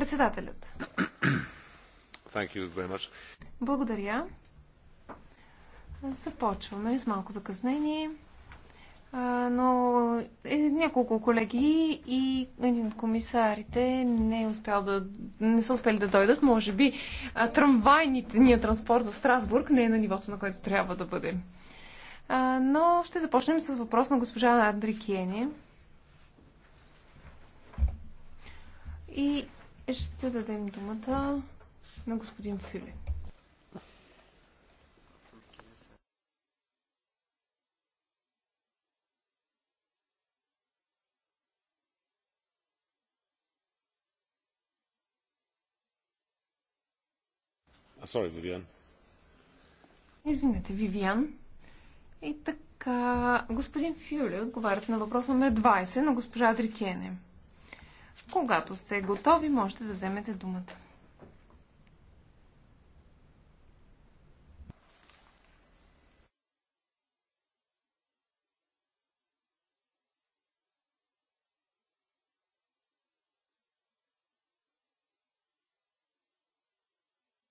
Председателят. Благодаря. Започваме с малко закъснение, но е, няколко колеги и един комисарите не, е успял да, не са успели да дойдат. Може би трамвайните ния транспорт в Страсбург не е на нивото, на което трябва да бъде. Но ще започнем с въпрос на госпожа Андрикиене. И ще дадем думата на господин Фюле. Sorry, Вивиан. Извинете, Вивиан. И така, господин Фюле, отговаряте на въпрос номер 20 на госпожа Дрикене. Когато сте готови, можете да вземете думата.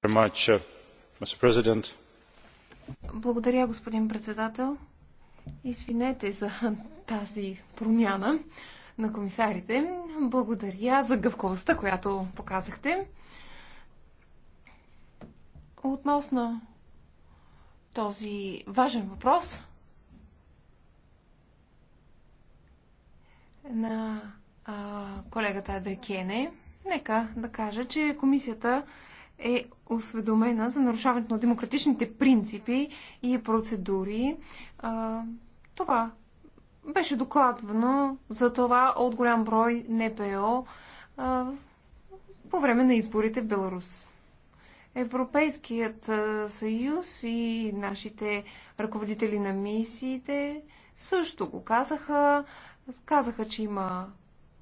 Uh, Благодаря, господин председател. Извинете за тази промяна на комисарите. Благодаря за гъвковостта, която показахте. Относно този важен въпрос на а, колегата Адрикене, нека да кажа, че комисията е осведомена за нарушаването на демократичните принципи и процедури. А, това беше докладвано за това от голям брой НПО по време на изборите в Беларус. Европейският съюз и нашите ръководители на мисиите също го казаха. Казаха, че има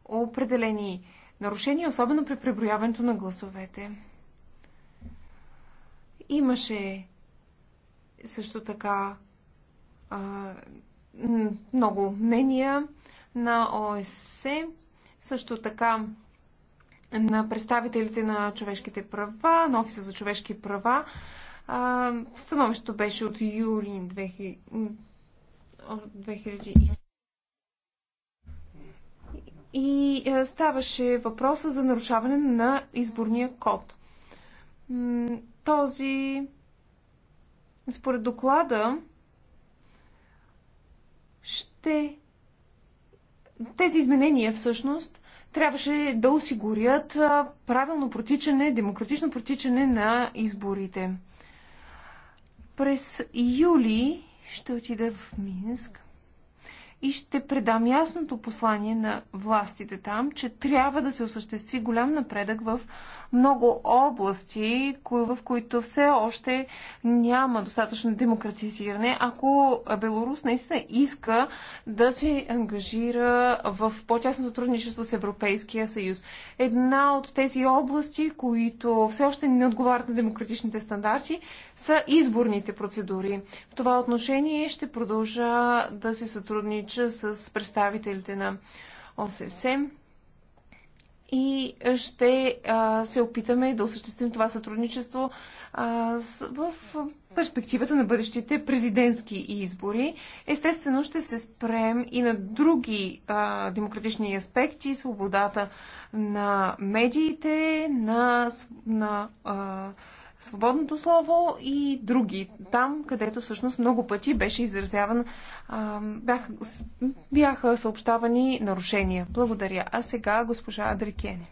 определени нарушения, особено при преброяването на гласовете. Имаше също така много мнения на ОССЕ, също така на представителите на човешките права, на Офиса за човешки права. Становището беше от юли 2007. И ставаше въпроса за нарушаване на изборния код. Този, според доклада, ще. Тези изменения всъщност трябваше да осигурят правилно протичане, демократично протичане на изборите. През юли ще отида в Минск и ще предам ясното послание на властите там, че трябва да се осъществи голям напредък в много области, в които все още няма достатъчно демократизиране, ако Беларус наистина иска да се ангажира в по-тясно сътрудничество с Европейския съюз. Една от тези области, които все още не отговарят на демократичните стандарти, са изборните процедури. В това отношение ще продължа да се сътруднича с представителите на ОССЕ и ще а, се опитаме да осъществим това сътрудничество а, с, в перспективата на бъдещите президентски избори. Естествено, ще се спрем и на други а, демократични аспекти, свободата на медиите, на, на а, свободното слово и други. Там, където всъщност много пъти беше изразяван, бяха, бяха съобщавани нарушения. Благодаря. А сега госпожа Адрикене.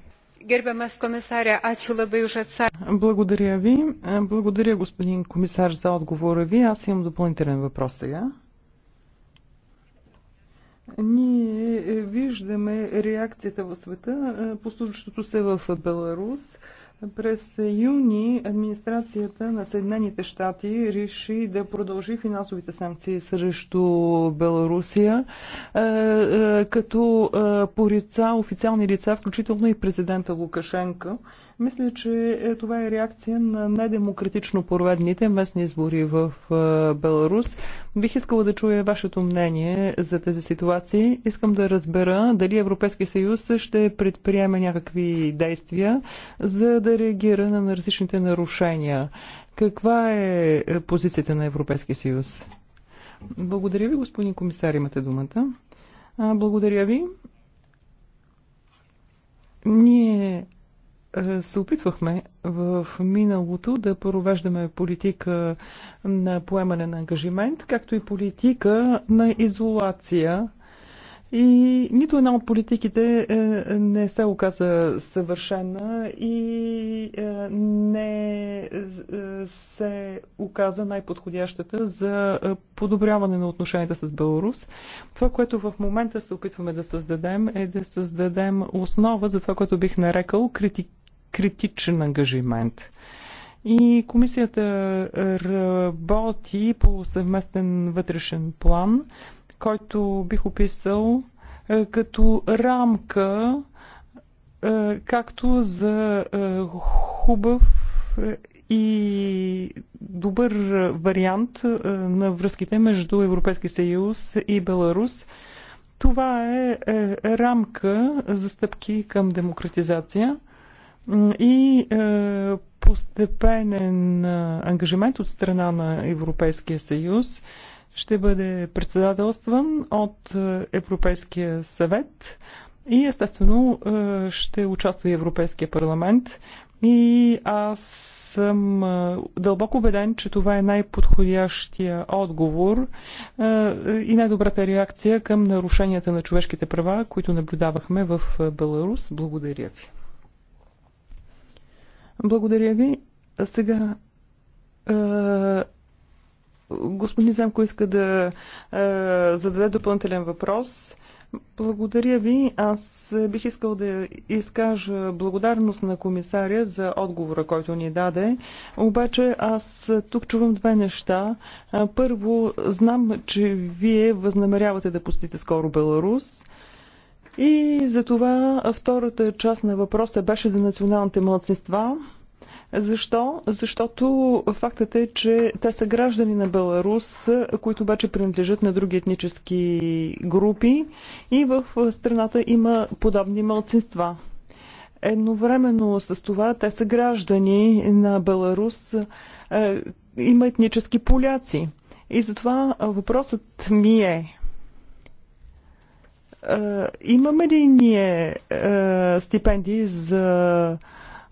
Gerbiamas комисаря, ačiū labai už Благодаря ви. Благодаря, господин комисар, за отговора ви. Аз имам допълнителен въпрос сега. Ние виждаме реакцията в света, послужащото се в Беларус. През юни администрацията на Съединените щати реши да продължи финансовите санкции срещу Беларусия, е, е, като е, порица официални лица, включително и президента Лукашенко. Мисля, че е, това е реакция на недемократично проведните местни избори в е, Беларус. Бих искала да чуя вашето мнение за тези ситуации. Искам да разбера дали Европейски съюз ще предприеме някакви действия, за да реагира на различните нарушения. Каква е, е позицията на Европейския съюз? Благодаря ви, господин комисар, имате думата. Благодаря ви. Ние се опитвахме в миналото да провеждаме политика на поемане на ангажимент, както и политика на изолация. И нито една от политиките е, не се оказа съвършена и е, не е, се оказа най-подходящата за подобряване на отношенията с Беларус. Това, което в момента се опитваме да създадем, е да създадем основа за това, което бих нарекал критик критичен ангажимент. И комисията работи по съвместен вътрешен план, който бих описал е, като рамка е, както за е, хубав и добър вариант на връзките между Европейски съюз и Беларус. Това е рамка за стъпки към демократизация – и е, постепенен е, ангажимент от страна на Европейския съюз ще бъде председателстван от е, Европейския съвет и естествено ще участва и Европейския парламент. И аз съм дълбоко убеден, че това е най-подходящия отговор и най-добрата реакция към нарушенията на човешките права, които наблюдавахме в Беларус. Благодаря ви. Благодаря ви. Сега господин Замко иска да зададе допълнителен въпрос. Благодаря ви. Аз бих искал да изкажа благодарност на комисаря за отговора, който ни даде. Обаче аз тук чувам две неща. Първо, знам, че вие възнамерявате да посетите скоро Беларус. И за това втората част на въпроса беше за националните младсинства. Защо? Защото фактът е, че те са граждани на Беларус, които обаче принадлежат на други етнически групи и в страната има подобни мълцинства. Едновременно с това те са граждани на Беларус, е, има етнически поляци. И затова въпросът ми е е, имаме ли ние е, стипендии за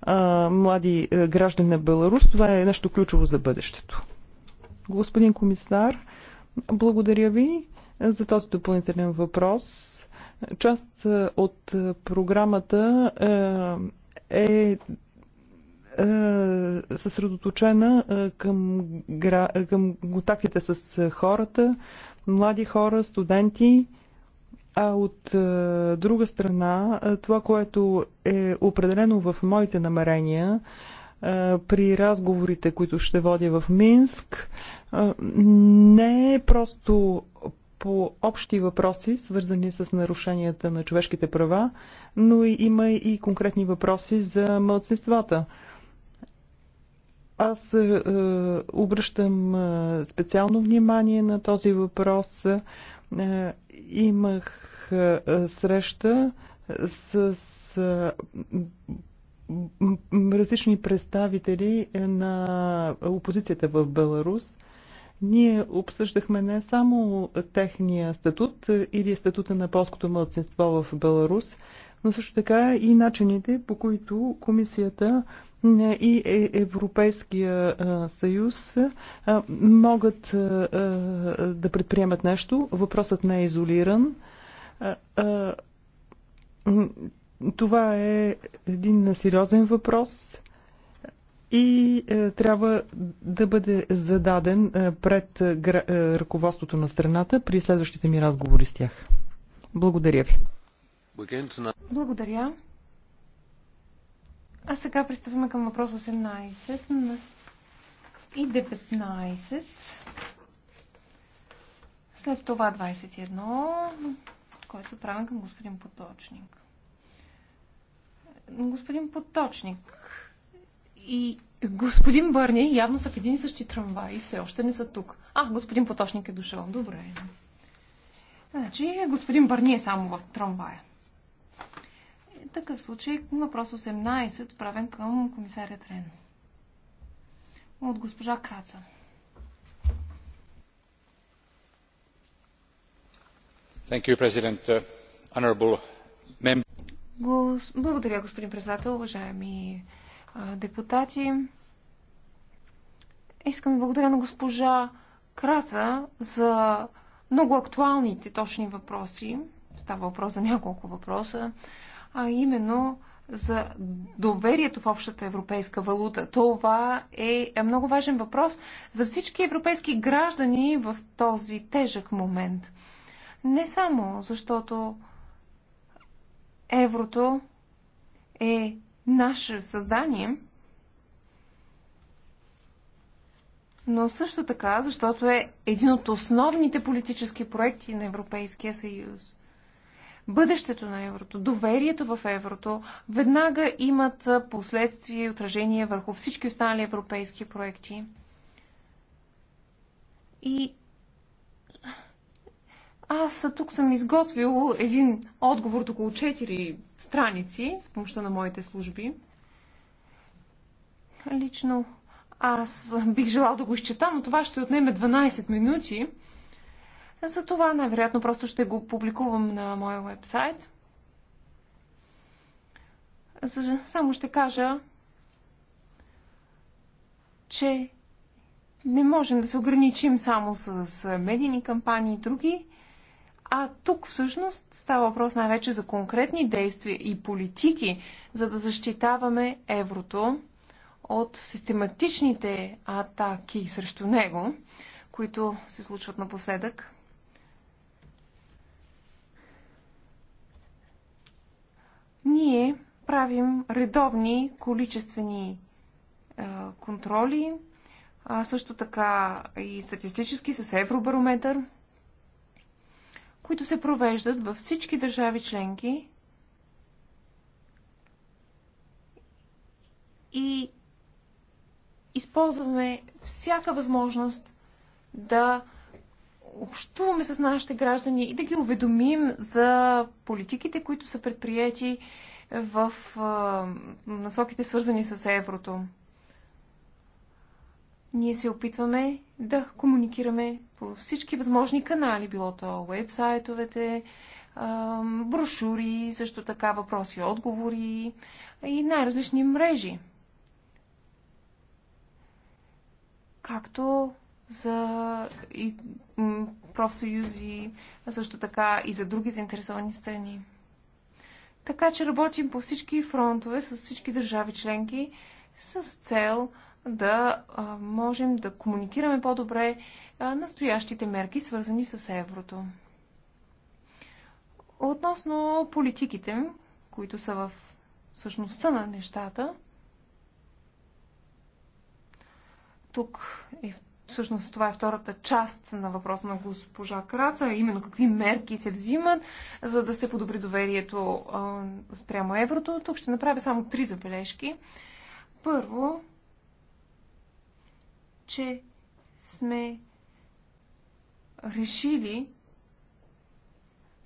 е, млади граждани на Беларус? Това е нещо ключово за бъдещето. Господин комисар, благодаря ви за този допълнителен въпрос. Част от програмата е съсредоточена към, към контактите с хората, млади хора, студенти. А от е, друга страна, е, това, което е определено в моите намерения, е, при разговорите, които ще водя в Минск, не е просто по общи въпроси, свързани с нарушенията на човешките права, но има и конкретни въпроси за младсинствата. Аз е, обръщам специално внимание на този въпрос. Е, имах среща с различни представители на опозицията в Беларус. Ние обсъждахме не само техния статут или статута на полското младсинство в Беларус, но също така и начините, по които комисията и е, Европейския съюз могат да предприемат нещо. Въпросът не е изолиран. Това е един сериозен въпрос и е, трябва да бъде зададен е, пред е, ръководството на страната при следващите ми разговори с тях. Благодаря ви. Благодаря. А сега пристъпваме към въпрос 18 и 19. След това 21 който е правим към господин Поточник. Господин Поточник и господин Бърни явно са в един и същи трамвай и все още не са тук. А, господин Поточник е дошъл. Добре. Значи, господин Бърни е само в трамвая. Е, такъв случай въпрос 18, отправен към комисаря Трен. От госпожа Краца. Uh, благодаря, господин председател, уважаеми депутати. Искам да благодаря на госпожа Краца за много актуалните точни въпроси. Става въпрос за няколко въпроса, а именно за доверието в общата европейска валута. Това е, е много важен въпрос за всички европейски граждани в този тежък момент. Не само защото еврото е наше създание, но също така, защото е един от основните политически проекти на Европейския съюз. Бъдещето на еврото, доверието в еврото веднага имат последствия и отражение върху всички останали европейски проекти. И аз тук съм изготвил един отговор от около 4 страници с помощта на моите служби. Лично аз бих желал да го изчета, но това ще отнеме 12 минути. Затова най-вероятно просто ще го публикувам на моя вебсайт. Само ще кажа, че не можем да се ограничим само с медийни кампании и други. А тук всъщност става въпрос най-вече за конкретни действия и политики, за да защитаваме еврото от систематичните атаки срещу него, които се случват напоследък. Ние правим редовни количествени е, контроли, а също така и статистически с евробарометър – които се провеждат във всички държави членки и използваме всяка възможност да общуваме с нашите граждани и да ги уведомим за политиките, които са предприяти в насоките свързани с еврото. Ние се опитваме да комуникираме по всички възможни канали, било то вебсайтовете, брошури, също така въпроси и отговори и най-различни мрежи. Както за и профсъюзи, а също така и за други заинтересовани страни. Така че работим по всички фронтове с всички държави членки с цел да можем да комуникираме по-добре настоящите мерки, свързани с еврото. Относно политиките, които са в същността на нещата, тук е всъщност това е втората част на въпроса на госпожа Краца, именно какви мерки се взимат, за да се подобри доверието а, спрямо еврото. Тук ще направя само три забележки. Първо, че сме решили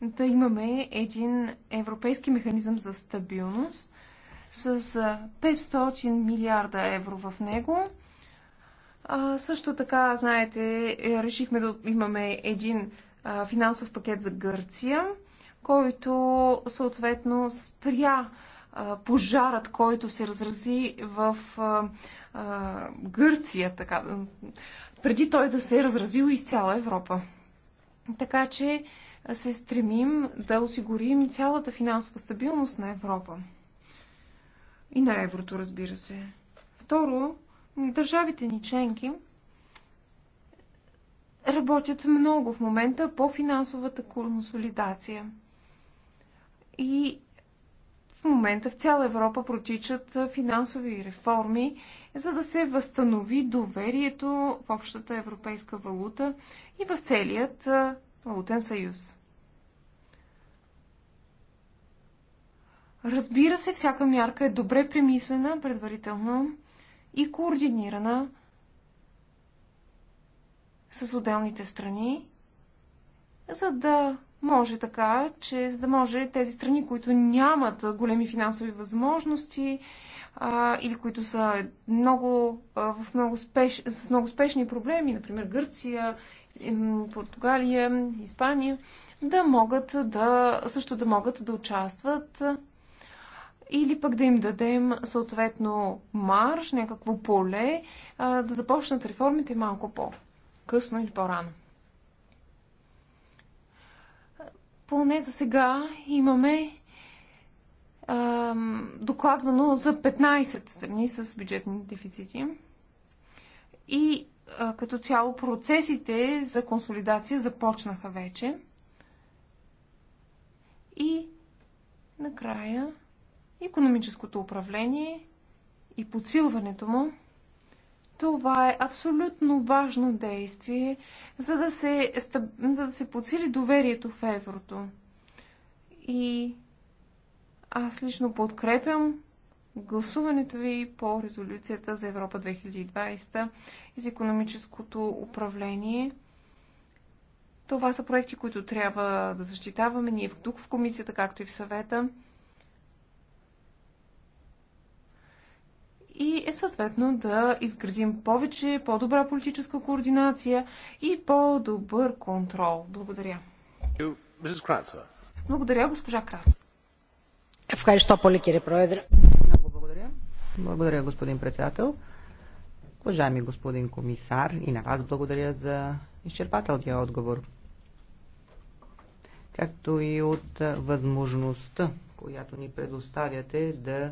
да имаме един европейски механизъм за стабилност с 500 милиарда евро в него. А, също така, знаете, е, решихме да имаме един а, финансов пакет за Гърция, който съответно спря пожарът, който се разрази в Гърция, така, преди той да се е разразил из цяла Европа. Така че се стремим да осигурим цялата финансова стабилност на Европа. И на еврото, разбира се. Второ, държавите ни членки работят много в момента по финансовата консолидация. И в момента в цяла Европа протичат финансови реформи, за да се възстанови доверието в общата европейска валута и в целият валутен съюз. Разбира се, всяка мярка е добре премислена предварително и координирана с отделните страни, за да може така, че за да може тези страни, които нямат големи финансови възможности а, или които са много, а, в много спеш, с много спешни проблеми, например Гърция, Португалия, Испания, да могат да, също да могат да участват или пък да им дадем съответно марш, някакво поле, а, да започнат реформите малко по-късно или по-рано. Поне за сега имаме докладвано за 15 страни с бюджетни дефицити. И а, като цяло процесите за консолидация започнаха вече. И накрая економическото управление и подсилването му това е абсолютно важно действие, за да се, за да се подсили доверието в еврото. И аз лично подкрепям гласуването ви по резолюцията за Европа 2020 и за економическото управление. Това са проекти, които трябва да защитаваме ние тук в комисията, както и в съвета. и е съответно да изградим повече, по-добра политическа координация и по-добър контрол. Благодаря. Благодаря, госпожа Крац. Много благодаря. Благодаря, господин председател. Уважаеми господин комисар, и на вас благодаря за изчерпателния отговор, както и от възможността, която ни предоставяте да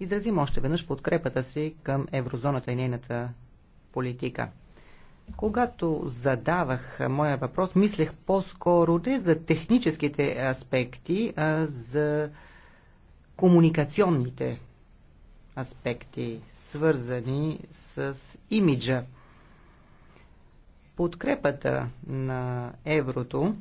изразим още веднъж подкрепата си към еврозоната и нейната политика. Когато задавах моя въпрос, мислех по-скоро не за техническите аспекти, а за комуникационните аспекти, свързани с имиджа. Подкрепата на еврото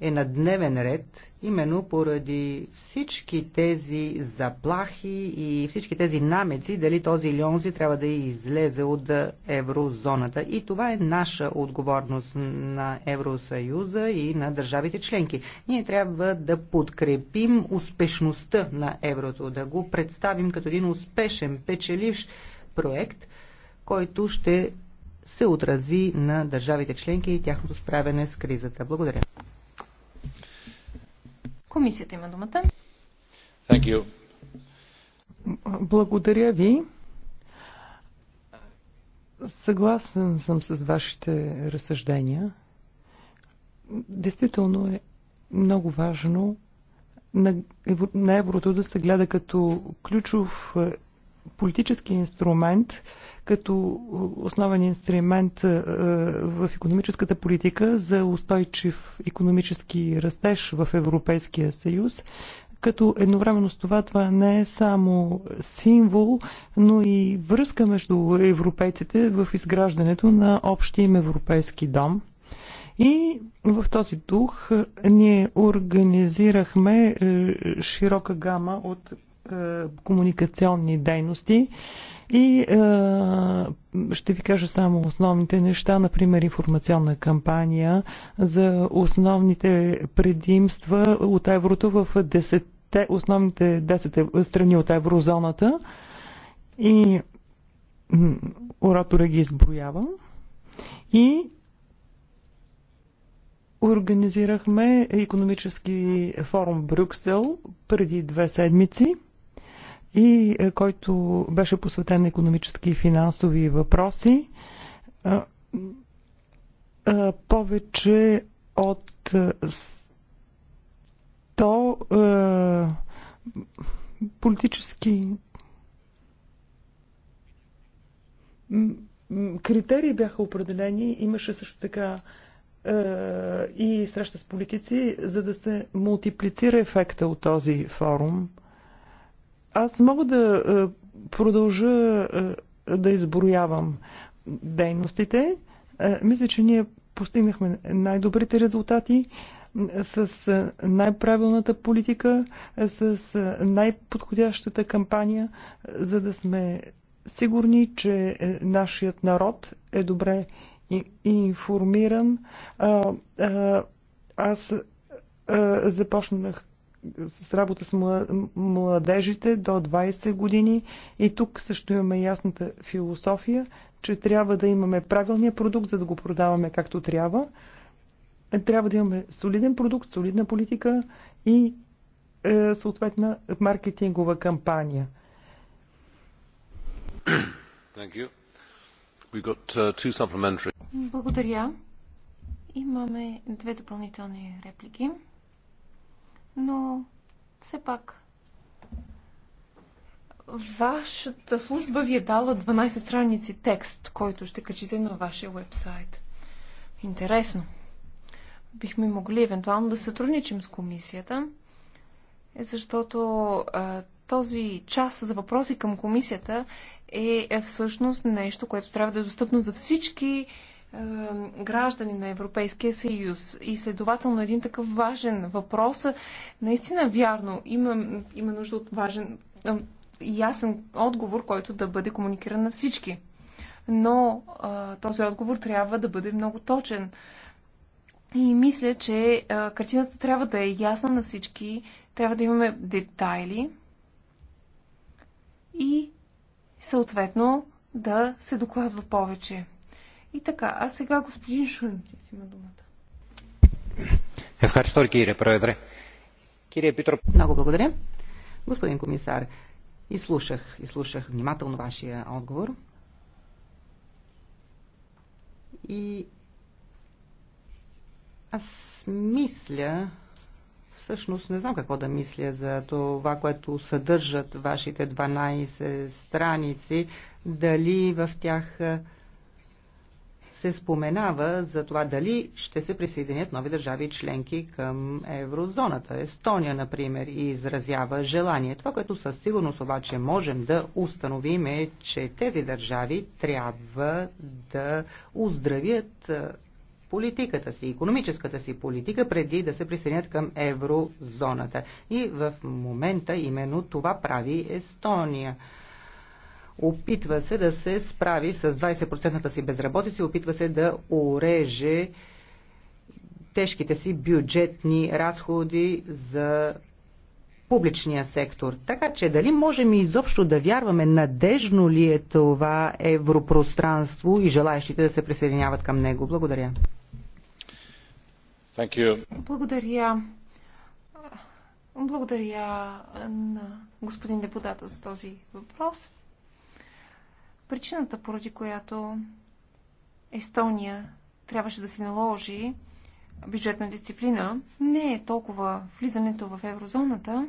е на дневен ред, именно поради всички тези заплахи и всички тези намеци, дали този или онзи трябва да излезе от еврозоната. И това е наша отговорност на Евросъюза и на държавите членки. Ние трябва да подкрепим успешността на еврото, да го представим като един успешен, печеливш проект, който ще се отрази на държавите членки и тяхното справяне с кризата. Благодаря. Комисията има думата. Thank you. Благодаря ви. Съгласен съм с вашите разсъждения. Действително е много важно на, евро, на еврото да се гледа като ключов е, политически инструмент, като основен инструмент е, в економическата политика за устойчив економически растеж в Европейския съюз, като едновременно с това това не е само символ, но и връзка между европейците в изграждането на общия им европейски дом. И в този дух е, ние организирахме е, широка гама от комуникационни дейности, и е, ще ви кажа само основните неща, например информационна кампания за основните предимства от еврото в 10 основните 10 страни от еврозоната. И оратора ги изброява. И организирахме економически форум в Брюксел преди две седмици – и е, който беше посветен на економически и финансови въпроси. Повече от 100 е, политически критерии бяха определени. Имаше също така е, и среща с политици, за да се мултиплицира ефекта от този форум – аз мога да е, продължа е, да изброявам дейностите. Е, мисля, че ние постигнахме най-добрите резултати с най-правилната политика, с най-подходящата кампания, за да сме сигурни, че нашият народ е добре информиран. Аз започнах с работа с младежите до 20 години. И тук също имаме ясната философия, че трябва да имаме правилния продукт, за да го продаваме както трябва. Трябва да имаме солиден продукт, солидна политика и е, съответна маркетингова кампания. Uh, Благодаря. Имаме две допълнителни реплики но все пак вашата служба ви е дала 12 страници текст, който ще качите на вашия вебсайт. Интересно. Бихме могли евентуално да сътрудничим с комисията, е, защото а, този час за въпроси към комисията е, е всъщност нещо, което трябва да е достъпно за всички граждани на Европейския съюз и следователно един такъв важен въпрос, наистина вярно, има, има нужда от важен и ясен отговор, който да бъде комуникиран на всички. Но а, този отговор трябва да бъде много точен. И мисля, че а, картината трябва да е ясна на всички, трябва да имаме детайли и съответно да се докладва повече. И така, а сега господин Шункис има думата. Много благодаря. Господин комисар, изслушах, изслушах внимателно вашия отговор. И аз мисля, всъщност не знам какво да мисля за това, което съдържат вашите 12 страници, дали в тях се споменава за това дали ще се присъединят нови държави членки към еврозоната. Естония, например, изразява желание. Това, което със сигурност обаче можем да установим е, че тези държави трябва да оздравят политиката си, економическата си политика, преди да се присъединят към еврозоната. И в момента именно това прави Естония. Опитва се да се справи с 20 си безработица опитва се да уреже тежките си бюджетни разходи за публичния сектор. Така че дали можем изобщо да вярваме надежно ли е това европространство и желаящите да се присъединяват към него? Благодаря. Thank you. Благодаря. Благодаря на господин депутата за този въпрос. Причината, поради която Естония трябваше да се наложи бюджетна дисциплина, не е толкова влизането в еврозоната,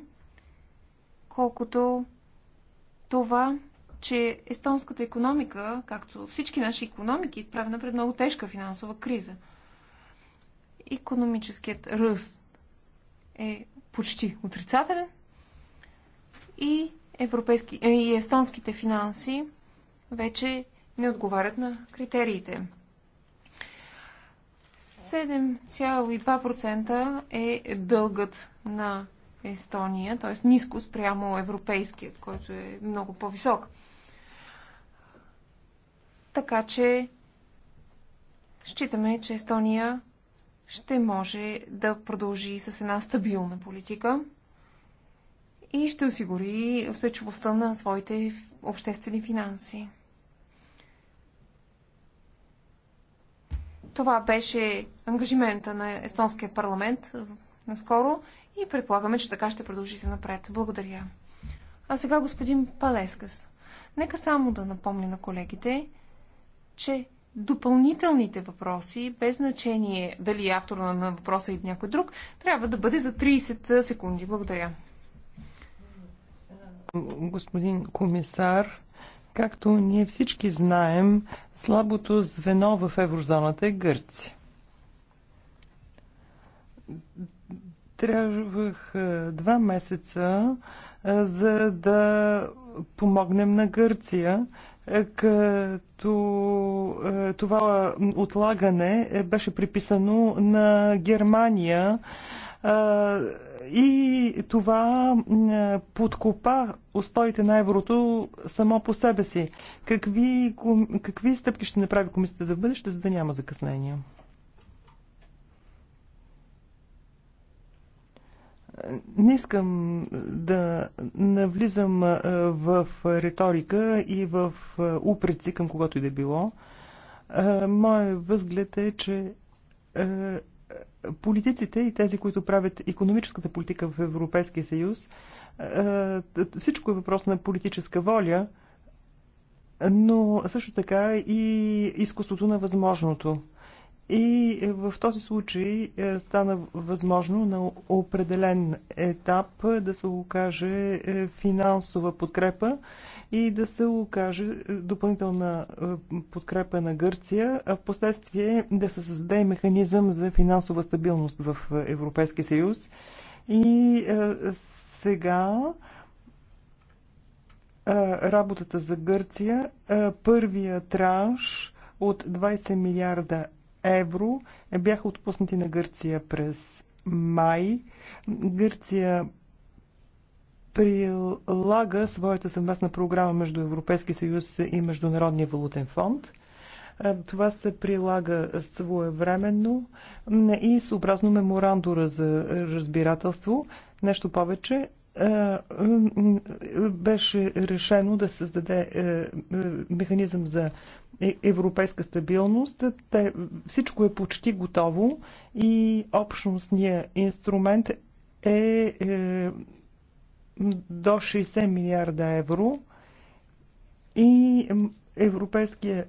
колкото това, че естонската економика, както всички наши економики, е изправена пред много тежка финансова криза. Економическият ръст е почти отрицателен и, европейски, и естонските финанси вече не отговарят на критериите. 7,2% е дългът на Естония, т.е. ниско спрямо европейският, който е много по-висок. Така че считаме, че Естония ще може да продължи с една стабилна политика и ще осигури устойчивостта на своите обществени финанси. Това беше ангажимента на Естонския парламент наскоро и предполагаме, че така ще продължи се напред. Благодаря. А сега господин Палескас. Нека само да напомня на колегите, че допълнителните въпроси, без значение дали е автор на въпроса или някой друг, трябва да бъде за 30 секунди. Благодаря. Господин комисар, Както ние всички знаем, слабото звено в еврозоната е Гърция. Трябвах два месеца, за да помогнем на Гърция, като това отлагане беше приписано на Германия. И това подкопа устоите на еврото само по себе си. Какви, какви стъпки ще направи комисията за бъдеще, за да няма закъснения? Не искам да навлизам в риторика и в упреци към когато и да било. Моят възглед е, че политиците и тези, които правят економическата политика в Европейския съюз, е, е, всичко е въпрос на политическа воля, но също така и изкуството на възможното. И в този случай е, стана възможно на определен етап да се окаже финансова подкрепа и да се окаже е, допълнителна е, подкрепа на Гърция, а в последствие да се създаде механизъм за финансова стабилност в е, Европейския съюз. И сега работата за Гърция, първия транш от 20 милиарда евро бяха отпуснати на Гърция през май. Гърция прилага своята съвместна програма между Европейски съюз и Международния валутен фонд. Е, това се прилага своевременно и съобразно меморандура за разбирателство. Нещо повече, е, е, беше решено да създаде механизъм за европейска стабилност. Те, всичко е почти готово и общностният инструмент е до 60 милиарда евро и европейския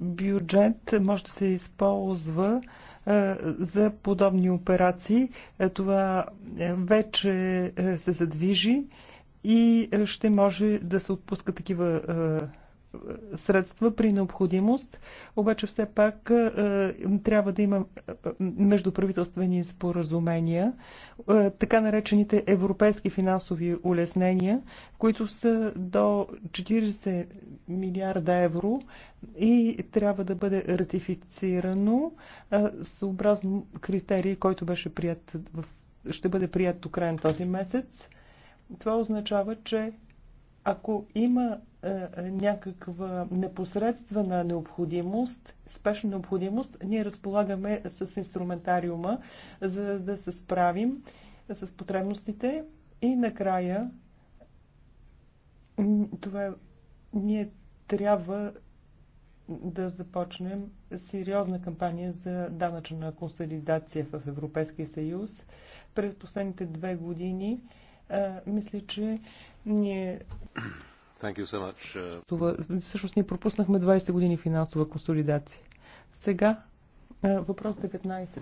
бюджет може да се използва е, за подобни операции. Е, това е, вече се задвижи и ще може да се отпуска такива средства при необходимост, обаче все пак е, трябва да има е, междуправителствени споразумения, е, така наречените европейски финансови улеснения, които са до 40 милиарда евро и трябва да бъде ратифицирано съобразно критерии, който беше прият в ще бъде прият до края на този месец. Това означава, че ако има е, някаква непосредствена необходимост, спешна необходимост, ние разполагаме с инструментариума, за да се справим с потребностите и накрая това е, ние трябва да започнем сериозна кампания за данъчна консолидация в Европейския съюз. През последните две години е, мисля, че ние uh, това, всъщност ние пропуснахме 20 години финансова консолидация. Сега е, въпрос 19.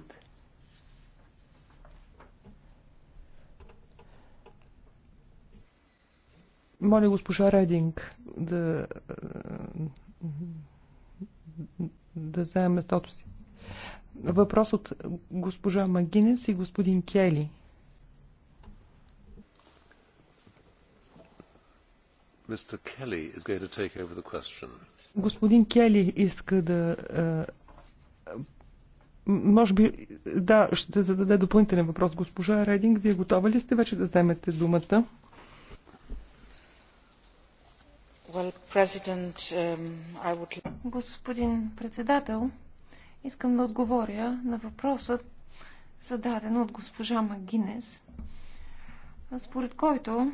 Моля госпожа Рединг да, е, да вземе местото си. Въпрос от госпожа Магинес и господин Кели. Господин Кели иска да е, може би, да, ще зададе допълнителен въпрос. Госпожа Рединг, вие готова ли сте вече да вземете думата? Um, Господин председател, искам да отговоря на въпроса, зададен от госпожа Магинес, според който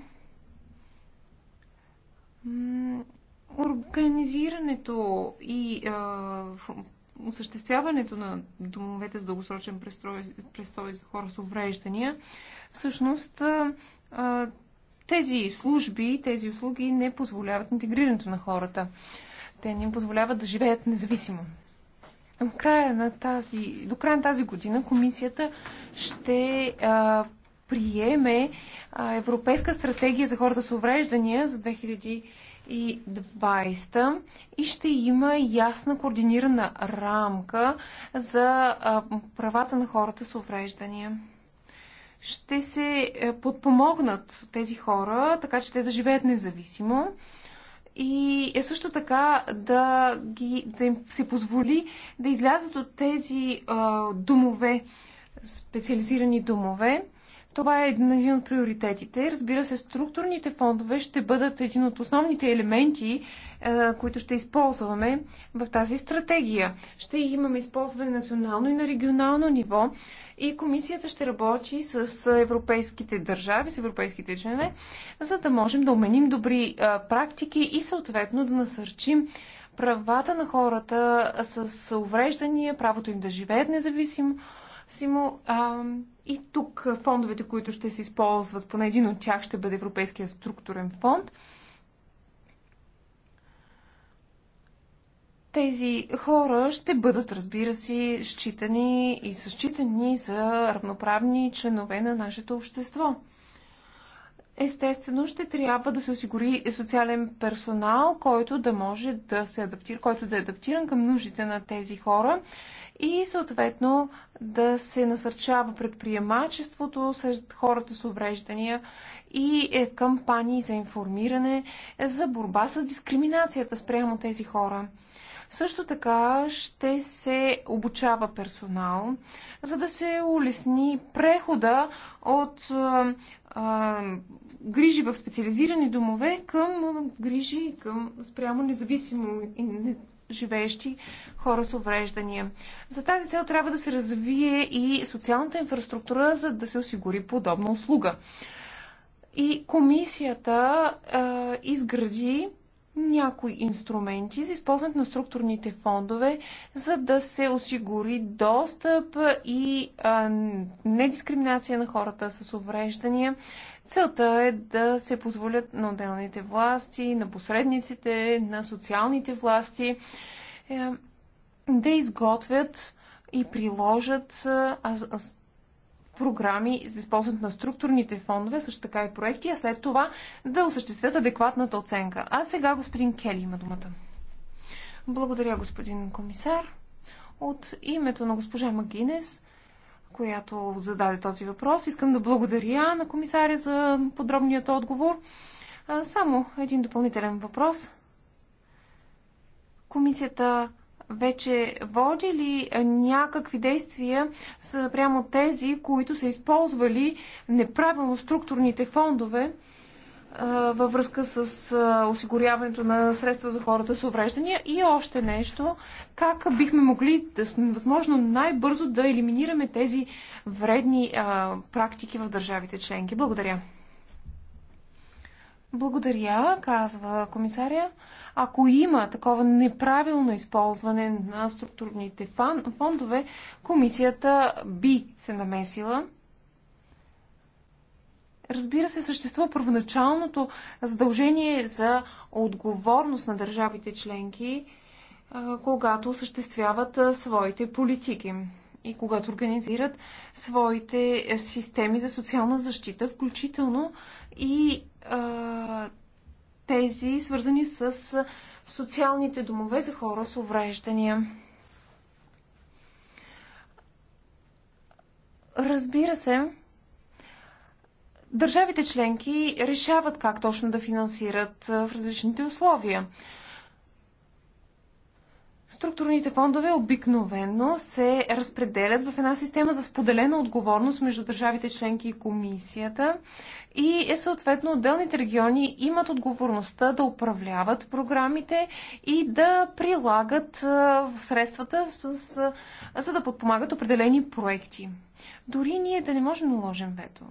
Организирането и а, осъществяването на домовете за дългосрочен престой, престой за хора с увреждания, всъщност а, тези служби, тези услуги не позволяват интегрирането на хората. Те не им позволяват да живеят независимо. Края на тази, до края на тази година комисията ще а, приеме Европейска стратегия за хората с увреждания за 2020 и ще има ясна координирана рамка за правата на хората с увреждания. Ще се е, подпомогнат тези хора, така че те да живеят независимо и е също така да, ги, да им се позволи да излязат от тези а, домове, специализирани домове, това е един от приоритетите. Разбира се, структурните фондове ще бъдат един от основните елементи, е, които ще използваме в тази стратегия. Ще имаме използване национално и на регионално ниво и комисията ще работи с европейските държави, с европейските членове, за да можем да уменим добри е, практики и съответно да насърчим правата на хората с увреждания, правото им да живеят независимо, и тук фондовете, които ще се използват, поне един от тях ще бъде Европейския структурен фонд. Тези хора ще бъдат, разбира се, считани и са считани за равноправни членове на нашето общество. Естествено, ще трябва да се осигури социален персонал, който да може да се адаптира, който да е адаптиран към нуждите на тези хора и съответно да се насърчава предприемачеството сред хората с увреждания и е, кампании за информиране за борба с дискриминацията спрямо тези хора. Също така ще се обучава персонал, за да се улесни прехода от а, а, грижи в специализирани домове към грижи към спрямо независимо и живеещи хора с увреждания. За тази цел трябва да се развие и социалната инфраструктура, за да се осигури подобна услуга. И комисията а, изгради някои инструменти за използването на структурните фондове, за да се осигури достъп и а, недискриминация на хората с увреждания Целта е да се позволят на отделните власти, на посредниците, на социалните власти е, да изготвят и приложат е, програми за използването на структурните фондове, също така и проекти, а след това да осъществят адекватната оценка. А сега господин Кели има думата. Благодаря, господин комисар. От името на госпожа Магинес която зададе този въпрос. Искам да благодаря на комисаря за подробният отговор. Само един допълнителен въпрос. Комисията вече води ли някакви действия са прямо тези, които са използвали неправилно структурните фондове във връзка с осигуряването на средства за хората с увреждания. И още нещо, как бихме могли възможно най-бързо да елиминираме тези вредни а, практики в държавите членки. Благодаря. Благодаря, казва комисаря. Ако има такова неправилно използване на структурните фондове, комисията би се намесила – Разбира се, съществува първоначалното задължение за отговорност на държавите членки, когато осъществяват своите политики и когато организират своите е, системи за социална защита, включително и а, тези свързани с социалните домове за хора с увреждания. Разбира се, Държавите членки решават как точно да финансират в различните условия. Структурните фондове обикновено се разпределят в една система за споделена отговорност между държавите членки и комисията и е съответно отделните региони имат отговорността да управляват програмите и да прилагат средствата, за да подпомагат определени проекти. Дори ние да не можем да наложим вето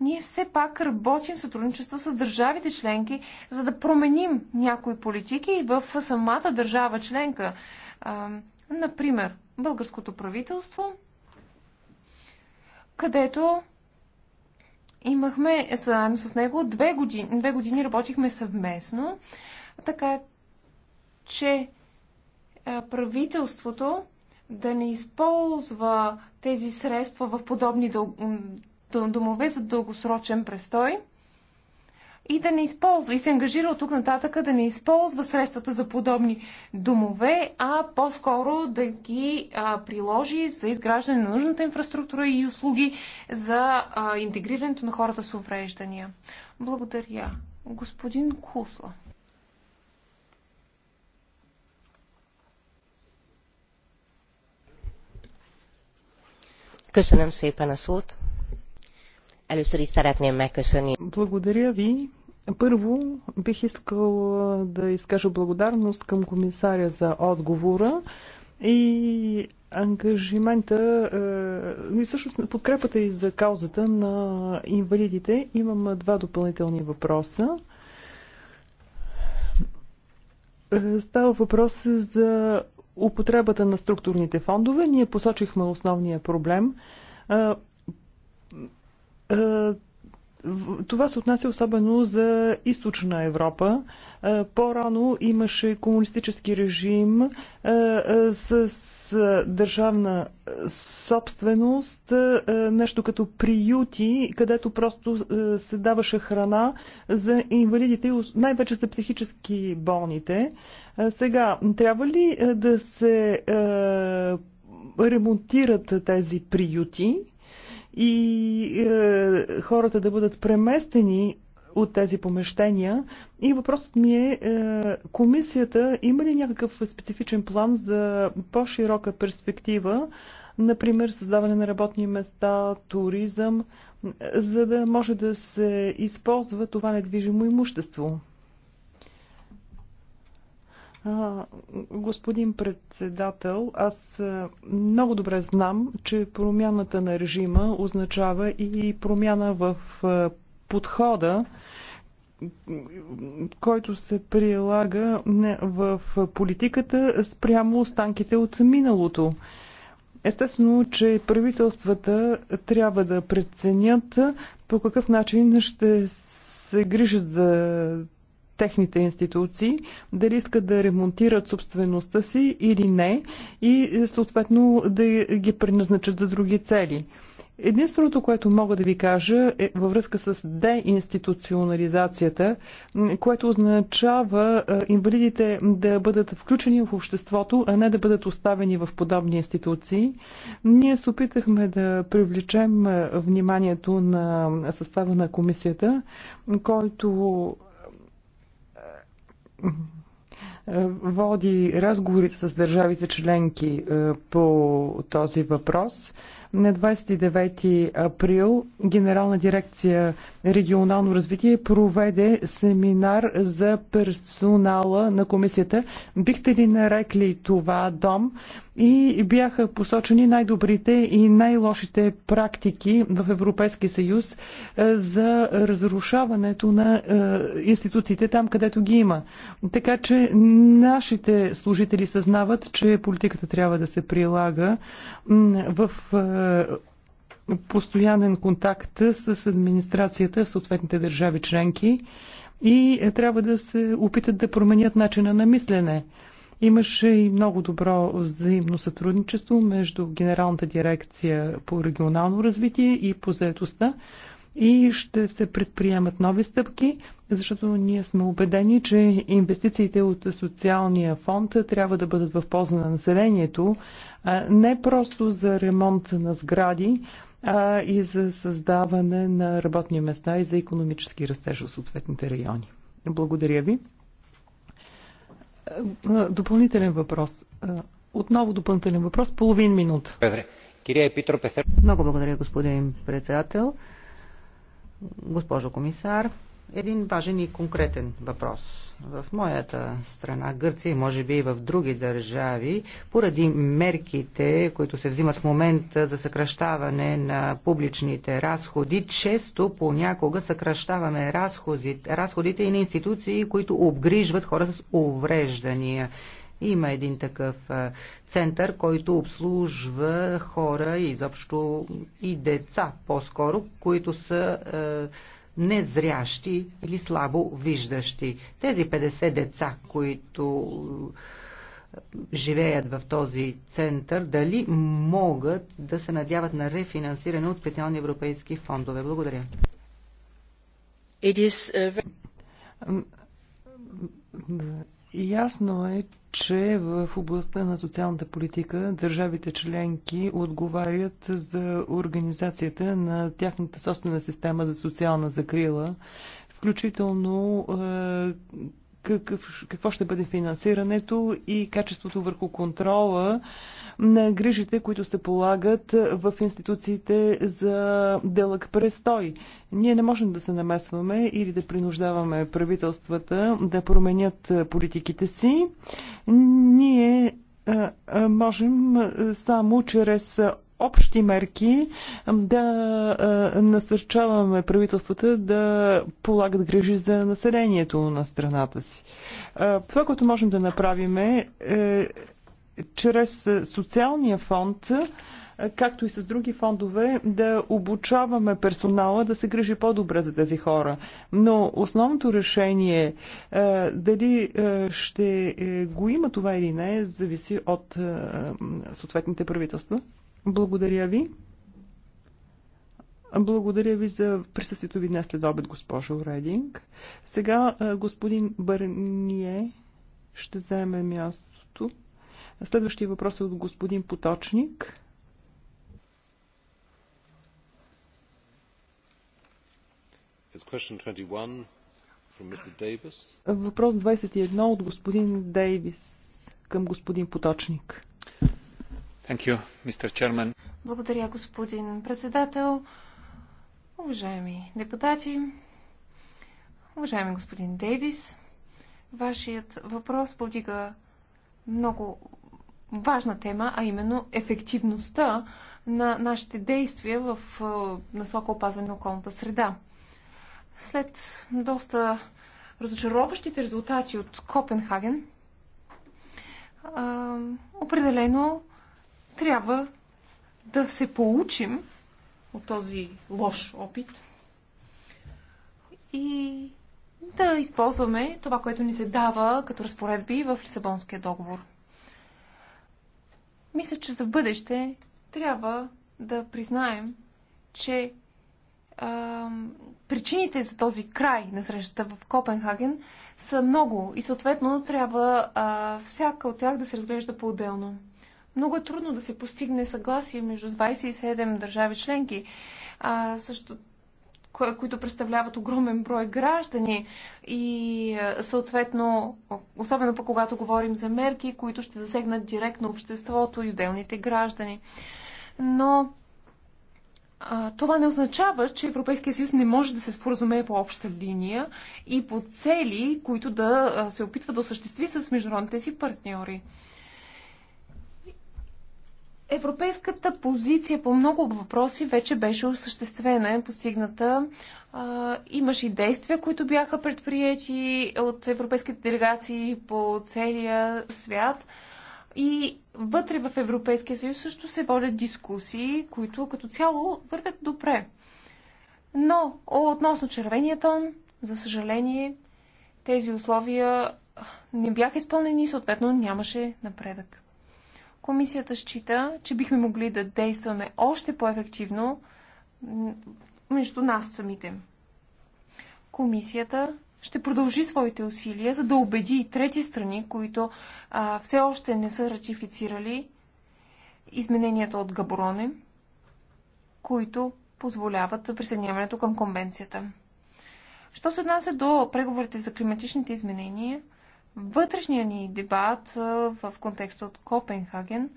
ние все пак работим в сътрудничество с държавите членки, за да променим някои политики в самата държава членка. Например, българското правителство, където имахме, е, заедно с него, две години, две години работихме съвместно, така че правителството да не използва тези средства в подобни дъл домове за дългосрочен престой и да не използва, и се ангажира от тук нататък да не използва средствата за подобни домове, а по-скоро да ги а, приложи за изграждане на нужната инфраструктура и услуги за а, интегрирането на хората с увреждания. Благодаря. Господин Кусла. Köszönöm szépen a szót. Először is szeretném megköszönni. Благодаря ви. Първо бих искал да изкажа благодарност към комисаря за отговора и ангажимента и всъщност подкрепата и за каузата на инвалидите. Имам два допълнителни въпроса. Става въпрос за употребата на структурните фондове. Ние посочихме основния проблем е, това се отнася особено за източна Европа. Е, по-рано имаше комунистически режим е, с държавна собственост, нещо като приюти, където просто се даваше храна за инвалидите, най-вече за психически болните. Сега, трябва ли да се ремонтират тези приюти? и е, хората да бъдат преместени от тези помещения. И въпросът ми е, е, комисията има ли някакъв специфичен план за по-широка перспектива, например създаване на работни места, туризъм, за да може да се използва това недвижимо имущество? господин председател, аз много добре знам, че промяната на режима означава и промяна в подхода, който се прилага в политиката спрямо останките от миналото. Естествено, че правителствата трябва да преценят по какъв начин ще се грижат за техните институции, дали искат да ремонтират собствеността си или не и е, съответно да ги преназначат за други цели. Единственото, което мога да ви кажа е във връзка с деинституционализацията, което означава е, инвалидите да бъдат включени в обществото, а не да бъдат оставени в подобни институции. Ние се опитахме да привлечем е, вниманието на състава на комисията, който води разговорите с държавите членки е, по този въпрос. На 29 април Генерална дирекция регионално развитие проведе семинар за персонала на комисията. Бихте ли нарекли това дом? И бяха посочени най-добрите и най-лошите практики в Европейския съюз е, за разрушаването на е, институциите там, където ги има. Така че нашите служители съзнават, че политиката трябва да се прилага в е, постоянен контакт с администрацията в съответните държави членки и трябва да се опитат да променят начина на мислене. Имаше и много добро взаимно сътрудничество между Генералната дирекция по регионално развитие и по заедостта и ще се предприемат нови стъпки, защото ние сме убедени, че инвестициите от социалния фонд трябва да бъдат в полза на населението, не просто за ремонт на сгради, а и за създаване на работни места и за економически растеж в съответните райони. Благодаря ви. Допълнителен въпрос. Отново допълнителен въпрос. Половин минута. Много благодаря, господин председател. Госпожо комисар, един важен и конкретен въпрос. В моята страна, Гърция и може би и в други държави, поради мерките, които се взимат в момента за съкръщаване на публичните разходи, често понякога съкръщаваме разходите, и на институции, които обгрижват хора с увреждания. Има един такъв център, който обслужва хора и изобщо и деца по-скоро, които са незрящи или слабо виждащи. Тези 50 деца, които е, живеят в този център, дали могат да се надяват на рефинансиране от специални европейски фондове? Благодаря. It is a... Е, Ясно е, че в областта на социалната политика държавите членки отговарят за организацията на тяхната собствена система за социална закрила, включително е, какво ще бъде финансирането и качеството върху контрола на грижите, които се полагат в институциите за дълъг престой. Ние не можем да се намесваме или да принуждаваме правителствата да променят политиките си. Ние можем само чрез общи мерки да насърчаваме правителствата да полагат грижи за населението на страната си. Това, което можем да направим е чрез е, социалния фонд е, както и с други фондове, да обучаваме персонала да се грижи по-добре за тези хора. Но основното решение е, дали ще го има това или не, зависи от съответните правителства. Благодаря ви. Благодаря ви за присъствието ви днес след обед, госпожо Рединг. Сега господин Бърние ще заеме мястото. Следващия въпрос е от господин Поточник. Въпрос 21 от господин Дейвис към господин Поточник. You, Благодаря, господин председател. Уважаеми депутати, уважаеми господин Дейвис, вашият въпрос повдига много важна тема, а именно ефективността на нашите действия в насока опазване на околната среда. След доста разочароващите резултати от Копенхаген, определено трябва да се получим от този лош опит и да използваме това, което ни се дава като разпоредби в Лисабонския договор. Мисля, че за бъдеще трябва да признаем, че а, причините за този край на срещата в Копенхаген са много и съответно трябва а, всяка от тях да се разглежда по-отделно. Много е трудно да се постигне съгласие между 27 държави членки. А, също които представляват огромен брой граждани и е, съответно, особено по когато говорим за мерки, които ще засегнат директно обществото и отделните граждани. Но а, това не означава, че Европейския съюз не може да се споразумее по обща линия и по цели, които да се опитва да осъществи с международните си партньори. Европейската позиция по много въпроси вече беше осъществена, постигната. А, имаше и действия, които бяха предприяти от европейските делегации по целия свят. И вътре в Европейския съюз също се водят дискусии, които като цяло вървят добре. Но относно червения тон, за съжаление, тези условия не бяха изпълнени и съответно нямаше напредък. Комисията счита, че бихме могли да действаме още по-ефективно между нас самите. Комисията ще продължи своите усилия, за да убеди и трети страни, които а, все още не са ратифицирали измененията от Габороне, които позволяват присъединяването към конвенцията. Що се отнася до преговорите за климатичните изменения – вътрешния ни дебат в контекста от Копенхаген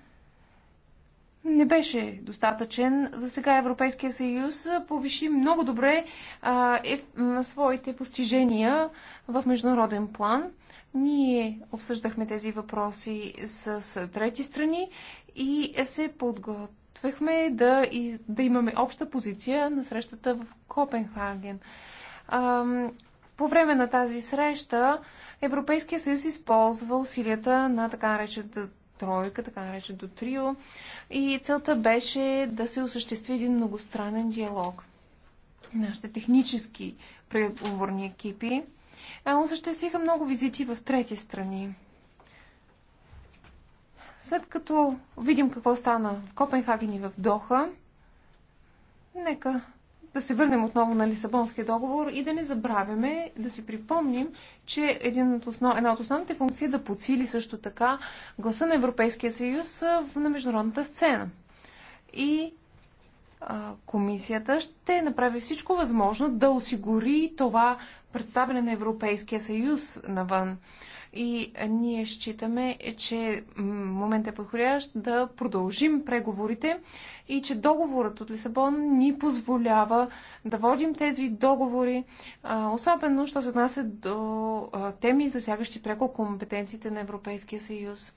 не беше достатъчен. За сега Европейския съюз повиши много добре а, е, своите постижения в международен план. Ние обсъждахме тези въпроси с, с трети страни и се подготвихме да, и, да имаме обща позиция на срещата в Копенхаген. А, по време на тази среща Европейския съюз използва усилията на така наречената тройка, така нареченото трио и целта беше да се осъществи един многостранен диалог. Нашите технически преговорни екипи осъществиха много визити в трети страни. След като видим какво стана в Копенхаген и в Доха, нека да се върнем отново на Лисабонския договор и да не забравяме, да си припомним, че един от основ... една от основните функции е да подсили също така гласа на Европейския съюз на международната сцена. И а, комисията ще направи всичко възможно да осигури това представяне на Европейския съюз навън. И ние считаме, че момент е подходящ да продължим преговорите и че договорът от Лисабон ни позволява да водим тези договори, особено, що се отнася до теми, засягащи преко компетенциите на Европейския съюз.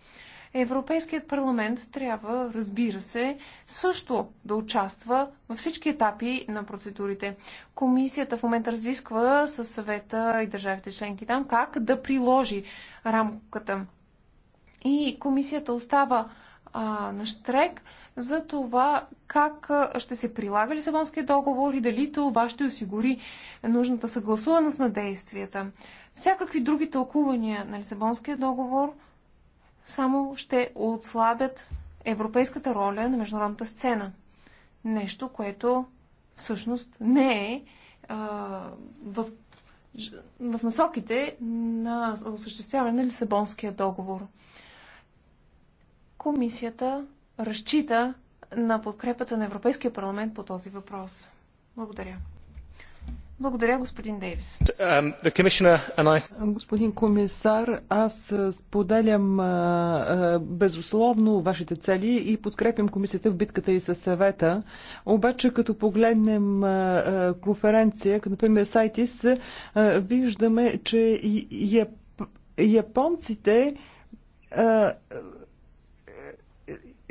Европейският парламент трябва, разбира се, също да участва във всички етапи на процедурите. Комисията в момента разисква със съвета и държавите членки там как да приложи рамката. И комисията остава а, на штрек за това как ще се прилага Лисабонския договор и дали това ще осигури нужната съгласуваност на действията. Всякакви други тълкувания на Лисабонския договор – само ще отслабят европейската роля на международната сцена. Нещо, което всъщност не е в, в насоките на осъществяване на Лисабонския договор. Комисията разчита на подкрепата на Европейския парламент по този въпрос. Благодаря. Благодаря, господин Дейвис. Um, господин комисар, аз споделям безусловно вашите цели и подкрепям комисията в битката и със съвета. Обаче, като погледнем конференция, като например Сайтис, виждаме, че японците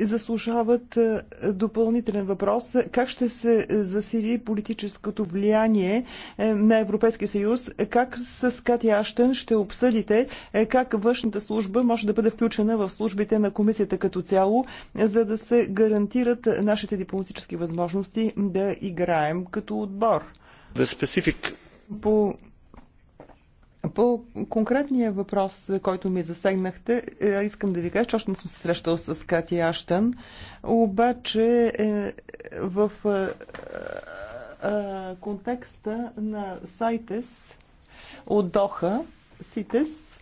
заслужават е, допълнителен въпрос. Как ще се е, засили политическото влияние е, на Европейския съюз? Как с Кати Аштен ще обсъдите как външната служба може да бъде включена в службите на комисията като цяло, за да се гарантират нашите дипломатически възможности да играем като отбор? По по конкретния въпрос, който ми засегнахте, е, искам да ви кажа, че още не съм се срещал с Кати Аштън, обаче е, в е, контекста на сайтес от Доха, СИТЕС,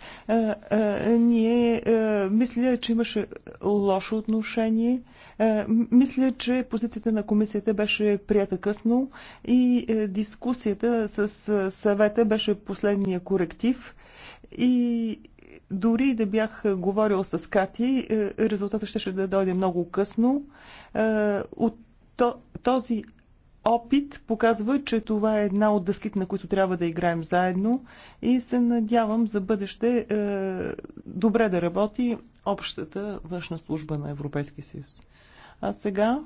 ние мисля, че имаше лошо отношение е, мисля, че позицията на комисията беше прията късно и е, дискусията с е, съвета беше последния коректив и дори да бях говорил с Кати, резултата ще, ще да дойде много късно. От този опит показва, че това е една от дъските, на които трябва да играем заедно и се надявам за бъдеще добре да работи общата външна служба на Европейския съюз. А сега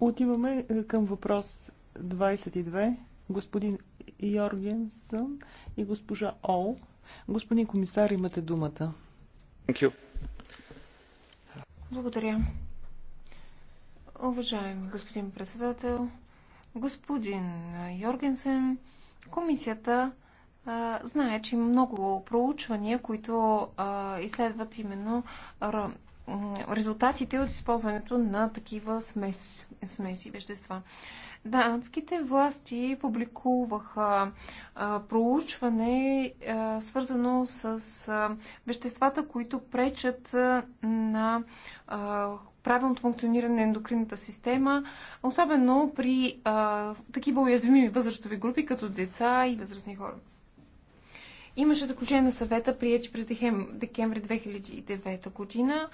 отиваме е, към въпрос 22. Господин Йоргенсън и госпожа Ол. Господин комисар, имате думата. Благодаря. Уважаеми господин председател, господин Йоргенсен, комисията а, знае, че има много проучвания, които а, изследват именно резултатите от използването на такива смес, смеси вещества. Данските власти публикуваха а, проучване, а, свързано с а, веществата, които пречат а, на а, правилното функциониране на ендокринната система, особено при а, такива уязвими възрастови групи, като деца и възрастни хора. Имаше заключение на съвета, прияти през декември 2009 година.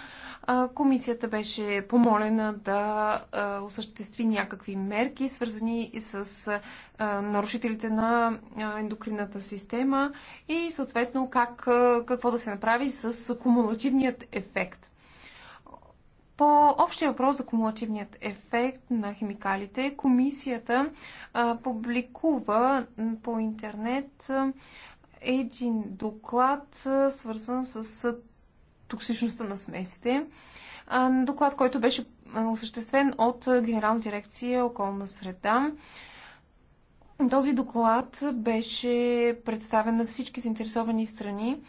Комисията беше помолена да осъществи някакви мерки, свързани с нарушителите на ендокринната система и съответно как, какво да се направи с кумулативният ефект. По общия въпрос за кумулативният ефект на химикалите, комисията а, публикува по интернет а, един доклад, свързан с токсичността на смесите. Доклад, който беше осъществен от Генерална дирекция околна среда. Този доклад беше представен на всички заинтересовани страни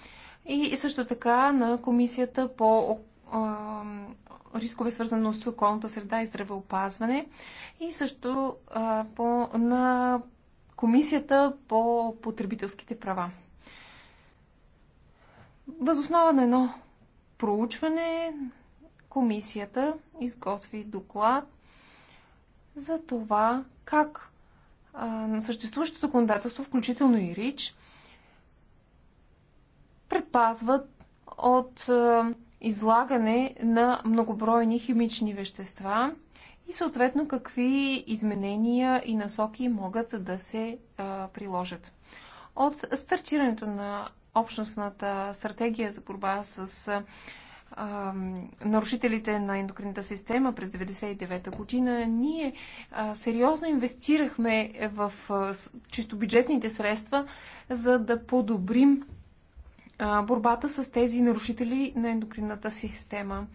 и също така на Комисията по рискове, свързано с околната среда и здравеопазване и също по, на Комисията по потребителските права. Възоснова на едно проучване комисията изготви доклад за това как на съществуващото законодателство, включително и РИЧ, предпазват от излагане на многобройни химични вещества и съответно какви изменения и насоки могат да се а, приложат. От стартирането на общностната стратегия за борба с а, нарушителите на ендокринната система през 1999 година, ние а, сериозно инвестирахме в а, чисто бюджетните средства, за да подобрим борбата с тези нарушители на ендокринната система.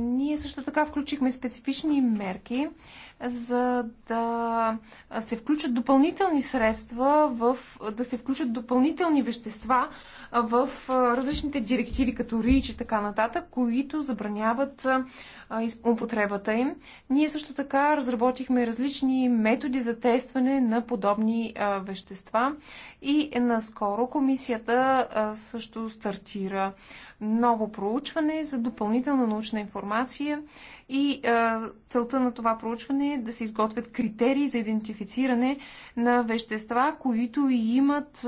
Ние също така включихме специфични мерки, за да се включат допълнителни средства, в, да се включат допълнителни вещества в различните директиви, като РИЧ и така нататък, които забраняват употребата им. Ние също така разработихме различни методи за тестване на подобни вещества и наскоро комисията също стартира ново проучване за допълнителна научна информация и а, целта на това проучване е да се изготвят критерии за идентифициране на вещества, които имат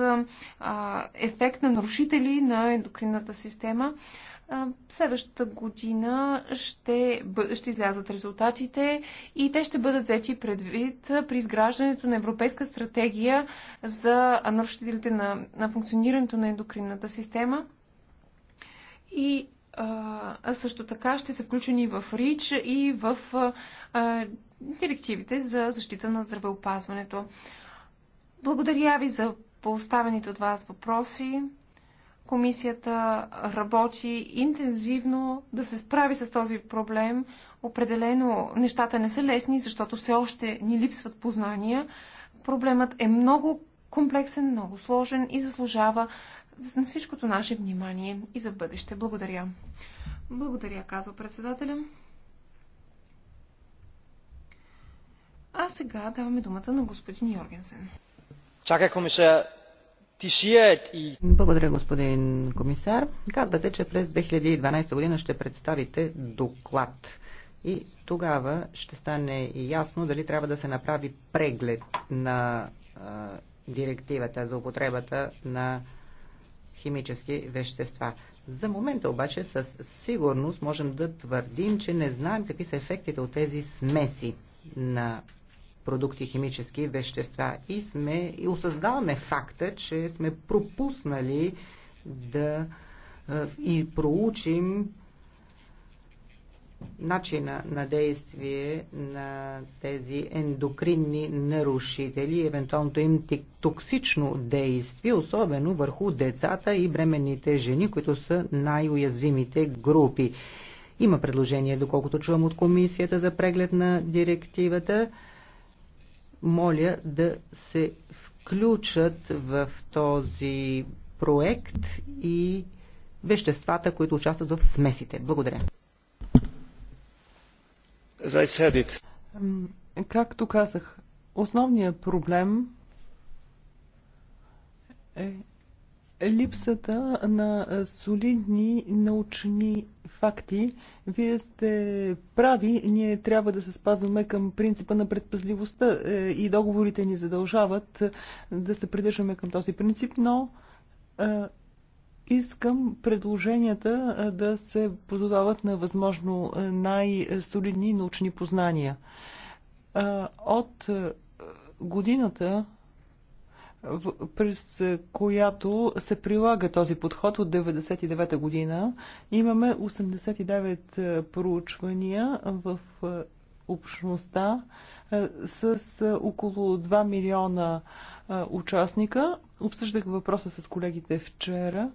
а, ефект на нарушители на ендокринната система. Следващата година ще, ще излязат резултатите и те ще бъдат взети предвид при изграждането на Европейска стратегия за нарушителите на, на функционирането на ендокринната система. И а, също така ще са включени в РИЧ и в а, директивите за защита на здравеопазването. Благодаря ви за поставените от вас въпроси. Комисията работи интензивно да се справи с този проблем. Определено нещата не са лесни, защото все още ни липсват познания. Проблемът е много комплексен, много сложен и заслужава на всичкото наше внимание и за бъдеще. Благодаря. Благодаря, казва председателя. А сега даваме думата на господин Йоргенсен. Чакай, комисар, благодаря, господин комисар. Казвате, че през 2012 година ще представите доклад. И тогава ще стане ясно дали трябва да се направи преглед на а, директивата за употребата на химически вещества. За момента обаче със сигурност можем да твърдим, че не знаем какви са ефектите от тези смеси на продукти, химически вещества и, сме, и осъзнаваме факта, че сме пропуснали да и проучим начина на действие на тези ендокринни нарушители евентуалното им токсично действие, особено върху децата и бременните жени, които са най-уязвимите групи. Има предложение, доколкото чувам от комисията за преглед на директивата. Моля да се включат в този проект и веществата, които участват в смесите. Благодаря. Както казах, основният проблем е липсата на солидни научни факти. Вие сте прави, ние трябва да се спазваме към принципа на предпазливостта е, и договорите ни задължават е, да се придържаме към този принцип, но е, искам предложенията да се подават на възможно най-солидни научни познания. От годината, през която се прилага този подход от 1999 година, имаме 89 проучвания в общността с около 2 милиона участника. Обсъждах въпроса с колегите вчера.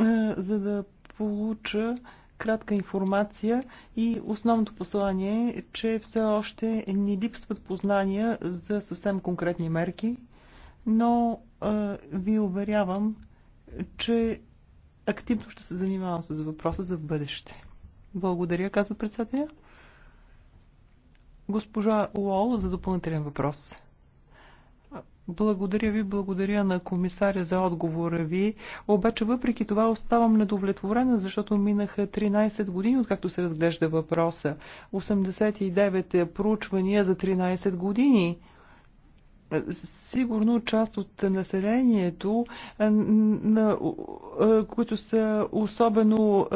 Е, за да получа кратка информация и основното послание е, че все още ни липсват познания за съвсем конкретни мерки, но а, е, ви уверявам, че активно ще се занимавам с въпроса за бъдеще. Благодаря, казва председателя. Госпожа Уол за допълнителен въпрос. Благодаря ви, благодаря на комисаря за отговора ви. Обаче въпреки това оставам недовлетворена, защото минаха 13 години, откакто се разглежда въпроса. 89 е проучвания за 13 години. Сигурно част от населението, които са особено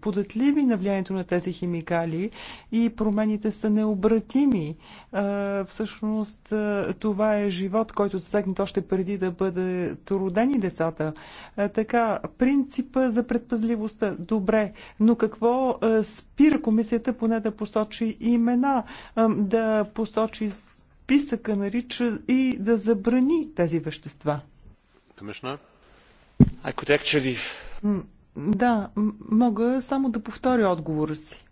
податливи на влиянието на тези химикали и промените са необратими. Всъщност това е живот, който засегнат още преди да бъдат родени децата. Така, принципа за предпазливостта. Добре, но какво спира комисията поне да посочи имена, да посочи списъка нарича и да забрани тези вещества. Actually... Да, мога само да повторя отговора си.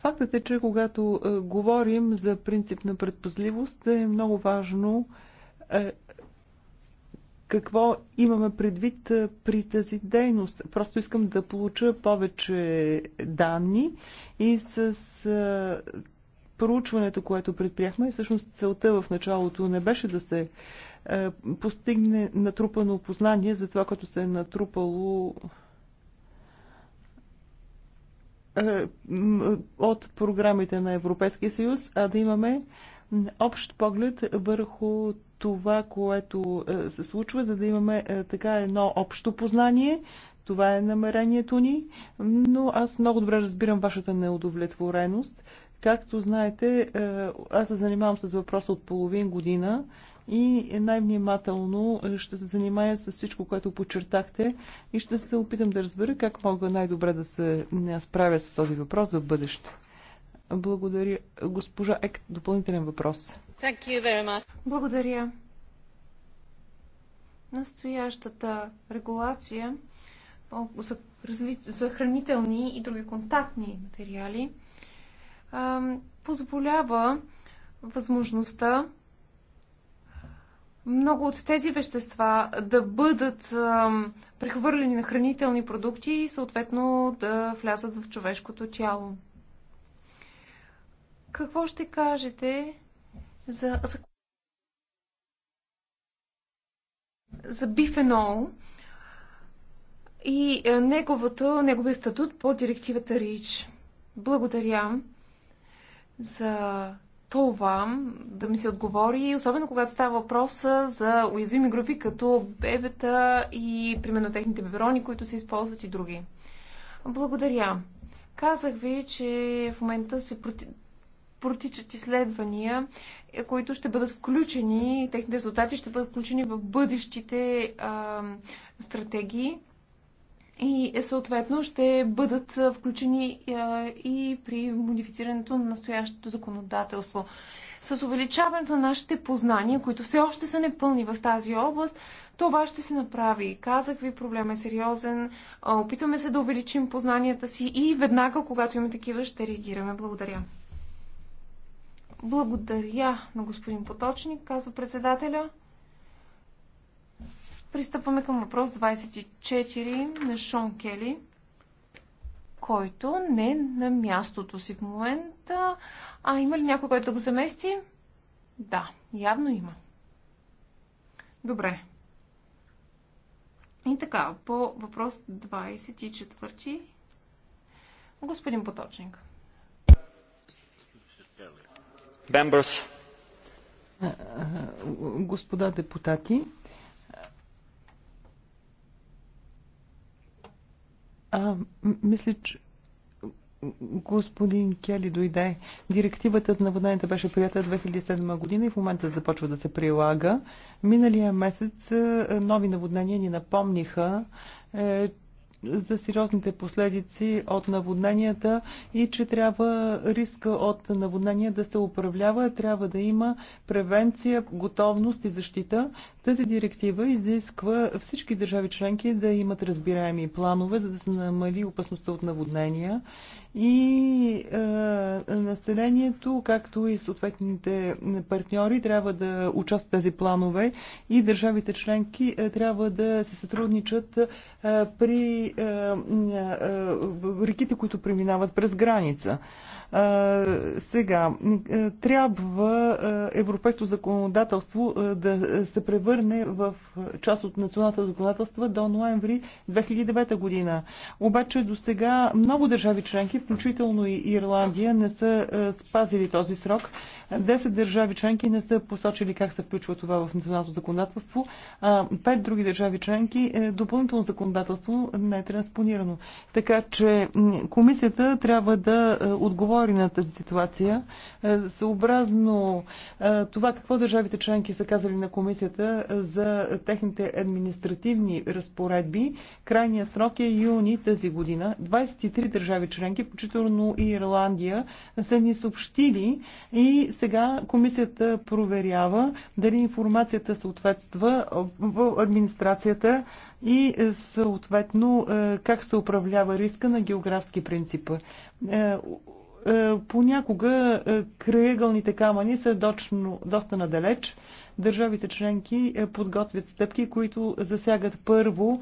Фактът е, че когато е, говорим за принцип на предпазливост, е много важно е, какво имаме предвид е, при тази дейност. Просто искам да получа повече данни и с е, проучването, което предприехме, всъщност целта в началото не беше да се е, постигне натрупано познание за това, което се е натрупало е, от програмите на Европейския съюз, а да имаме общ поглед върху това, което е, се случва, за да имаме е, така едно общо познание. Това е намерението ни, но аз много добре разбирам вашата неудовлетвореност. Както знаете, е, аз се занимавам с въпроса от половин година и най-внимателно ще се занимая с всичко, което подчертахте и ще се опитам да разбера как мога най-добре да се е, справя с този въпрос за бъдеще. Благодаря. Госпожа Ек, допълнителен въпрос. Благодаря. Настоящата регулация за хранителни и други контактни материали – позволява възможността много от тези вещества да бъдат прехвърлени на хранителни продукти и съответно да влязат в човешкото тяло. Какво ще кажете за, за, за бифенол и неговото, неговия статут по директивата РИЧ? Благодаря за това да ми се отговори, особено когато става въпрос за уязвими групи, като бебета и примерно техните беберони, които се използват и други. Благодаря. Казах ви, че в момента се протичат изследвания, е, които ще бъдат включени, техните резултати ще бъдат включени в бъдещите а, стратегии и е, съответно ще бъдат е, включени е, и при модифицирането на настоящото законодателство. С увеличаването на нашите познания, които все още са непълни в тази област, това ще се направи. Казах ви, проблем е сериозен. Опитваме се да увеличим познанията си и веднага, когато има такива, ще реагираме. Благодаря. Благодаря на господин Поточник, казва председателя. Пристъпваме към въпрос 24 на Шон Кели, който не е на мястото си в момента. А има ли някой, който го замести? Да, явно има. Добре. И така, по въпрос 24. Господин Поточник. Бембърс. Господа депутати, А, мисля, че господин Кели дойде. Директивата за наводнението беше прията 2007 година и в момента започва да се прилага. Миналия месец нови наводнения ни напомниха, е, за сериозните последици от наводненията и че трябва риска от наводнения да се управлява, трябва да има превенция, готовност и защита. Тази директива изисква всички държави членки да имат разбираеми планове, за да се намали опасността от наводнения и а, е, населението, както и съответните партньори трябва да участват в тези планове и държавите членки а, е, трябва да се сътрудничат а, е, при а, а, реките, които преминават през граница. А, сега, трябва европейското законодателство да се превърне в част от националната законодателство до ноември 2009 година. Обаче до сега много държави членки, включително и Ирландия, не са спазили този срок. Десет държави членки не са посочили как се включва това в националното законодателство. Пет други държави членки е, допълнително законодателство не е транспонирано. Така че комисията трябва да е, отговори отговори на тази ситуация. Е, съобразно е, това какво държавите членки са казали на комисията е, за техните административни разпоредби, Крайния срок е юни тази година. 23 държави членки, включително и Ирландия, са ни съобщили и сега комисията проверява дали информацията съответства в администрацията и съответно как се управлява риска на географски принцип. Е, понякога е, краегълните камъни са дочно, доста надалеч. Държавите членки е, подготвят стъпки, които засягат първо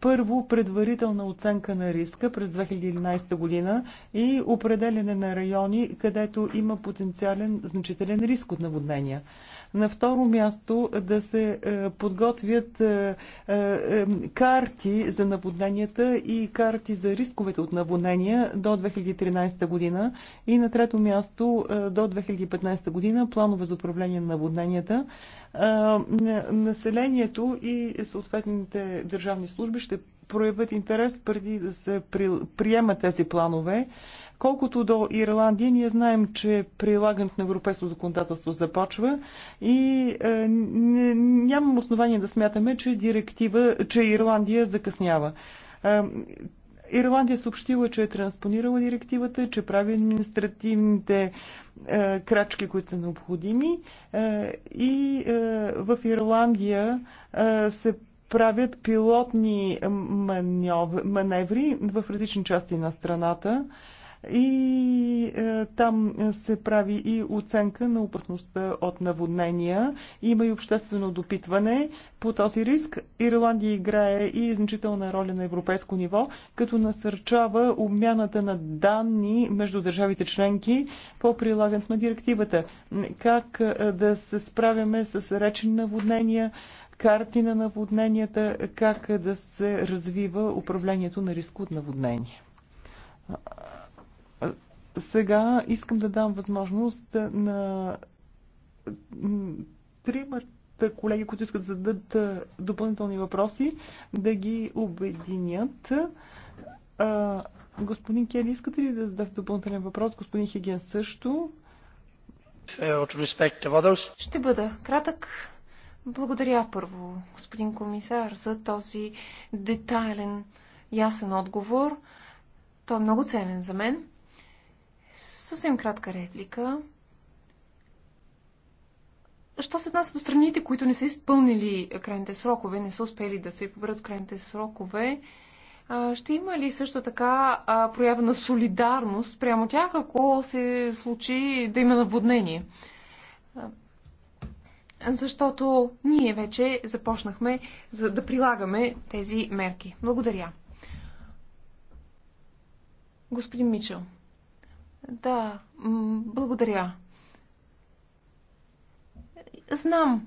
първо предварителна оценка на риска през 2011 година и определене на райони, където има потенциален значителен риск от наводнения. На второ място да се е, подготвят е, е, карти за наводненията и карти за рисковете от наводнения до 2013 година. И на трето място до 2015 година планове за управление на наводненията. Населението и съответните държавни служби ще проявят интерес преди да се приемат тези планове. Колкото до Ирландия, ние знаем, че прилагането на европейското законодателство започва и е, нямам основание да смятаме, че директива, че Ирландия закъснява. Е, Ирландия е съобщила, че е транспонирала директивата, че прави административните е, крачки, които са необходими е, и е, в Ирландия е, се правят пилотни маневри в различни части на страната. Е, и е, там се прави и оценка на опасността от наводнения. Има и обществено допитване по този риск. Ирландия играе и значителна роля на европейско ниво, като насърчава обмяната на данни между държавите членки по прилагането на директивата. Как е, да се справяме с речни наводнения, карти на наводненията, как е, да се развива управлението на риск от наводнения. Сега искам да дам възможност на тримата колеги, които искат да зададат допълнителни въпроси, да ги обединят. господин Кели, искате ли да зададете допълнителен въпрос? Господин Хиген също. Ще бъда кратък. Благодаря първо, господин комисар, за този детайлен, ясен отговор. Той е много ценен за мен. Съвсем кратка реплика. Що се отнася до страните, които не са изпълнили крайните срокове, не са успели да се поберат крайните срокове, ще има ли също така проява на солидарност прямо тях, ако се случи да има наводнение? Защото ние вече започнахме за да прилагаме тези мерки. Благодаря. Господин Мичел. Да, благодаря. Знам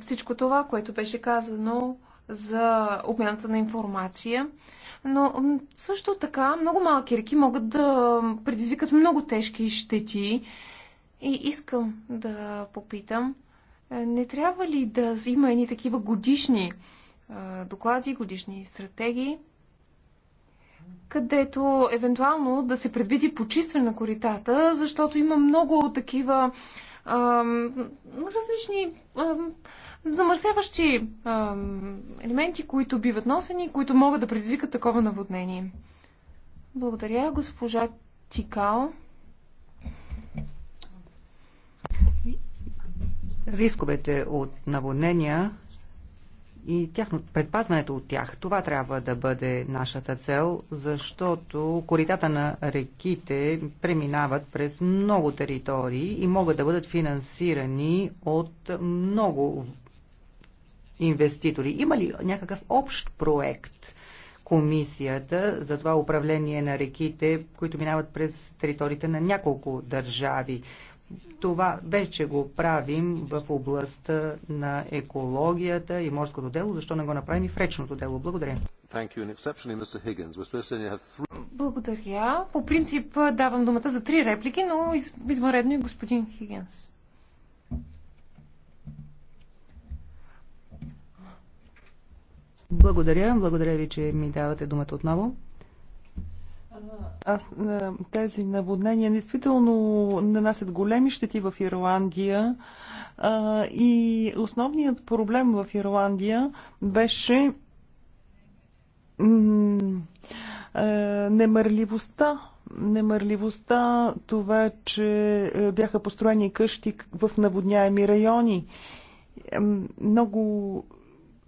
всичко това, което беше казано за обмяната на информация, но също така много малки реки могат да предизвикат много тежки щети. И искам да попитам, не трябва ли да има едни такива годишни доклади, годишни стратегии, където евентуално да се предвиди почистване на коритата, защото има много такива ам, различни ам, замърсяващи ам, елементи, които биват носени, които могат да предизвикат такова наводнение. Благодаря, госпожа Тикао. Рисковете от наводнения и тяхно, предпазването от тях. Това трябва да бъде нашата цел, защото коритата на реките преминават през много територии и могат да бъдат финансирани от много инвеститори. Има ли някакъв общ проект комисията за това управление на реките, които минават през териториите на няколко държави? Това вече го правим в областта на екологията и морското дело. Защо не го направим и в речното дело? Благодаря. Благодаря. По принцип давам думата за три реплики, но извънредно и господин Хигенс. Благодаря. Благодаря ви, че ми давате думата отново. Аз, е, тези наводнения действително нанасят големи щети в Ирландия и основният проблем в Ирландия беше е, немърливостта. Немърливостта, това, че е, бяха построени къщи в наводняеми райони. Много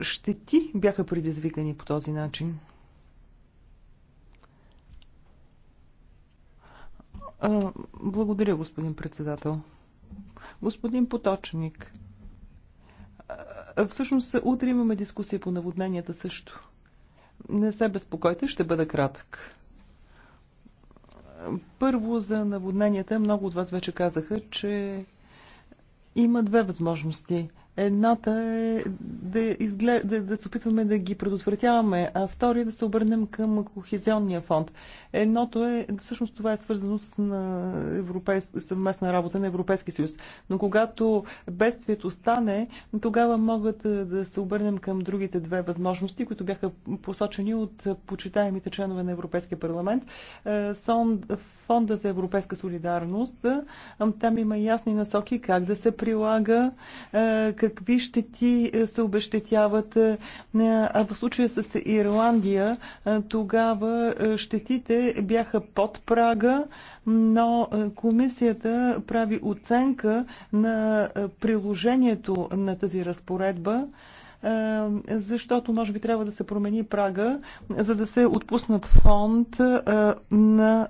щети бяха предизвикани по този начин. Благодаря, господин председател. Господин Поточник, всъщност утре имаме дискусия по наводненията също. Не се безпокойте, ще бъда кратък. Първо за наводненията. Много от вас вече казаха, че има две възможности. Едната е да, изглед... да, да се опитваме да ги предотвратяваме, а втория е да се обърнем към кохезионния фонд. Едното е, всъщност това е свързано с на европейс... съвместна работа на Европейския съюз. Но когато бедствието стане, тогава могат е, да се обърнем към другите две възможности, които бяха посочени от почитаемите членове на Европейския парламент. Е, фонда за европейска солидарност. Е, там има ясни насоки как да се прилага, как какви щети е, се обещетяват. Е, а в случая с Ирландия, е, тогава щетите бяха под прага, но комисията прави оценка на приложението на тази разпоредба защото може би трябва да се промени прага, за да се отпуснат фонд на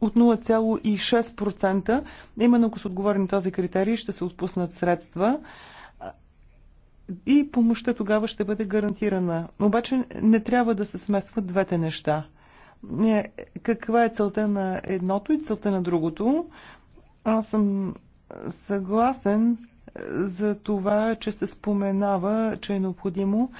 от 0,6%. Именно ако се отговори на този критерий, ще се отпуснат средства и помощта тогава ще бъде гарантирана. Обаче не трябва да се смесват двете неща. Е, каква е целта на едното и целта на другото? Аз съм съгласен е, за това, че се споменава, че е необходимо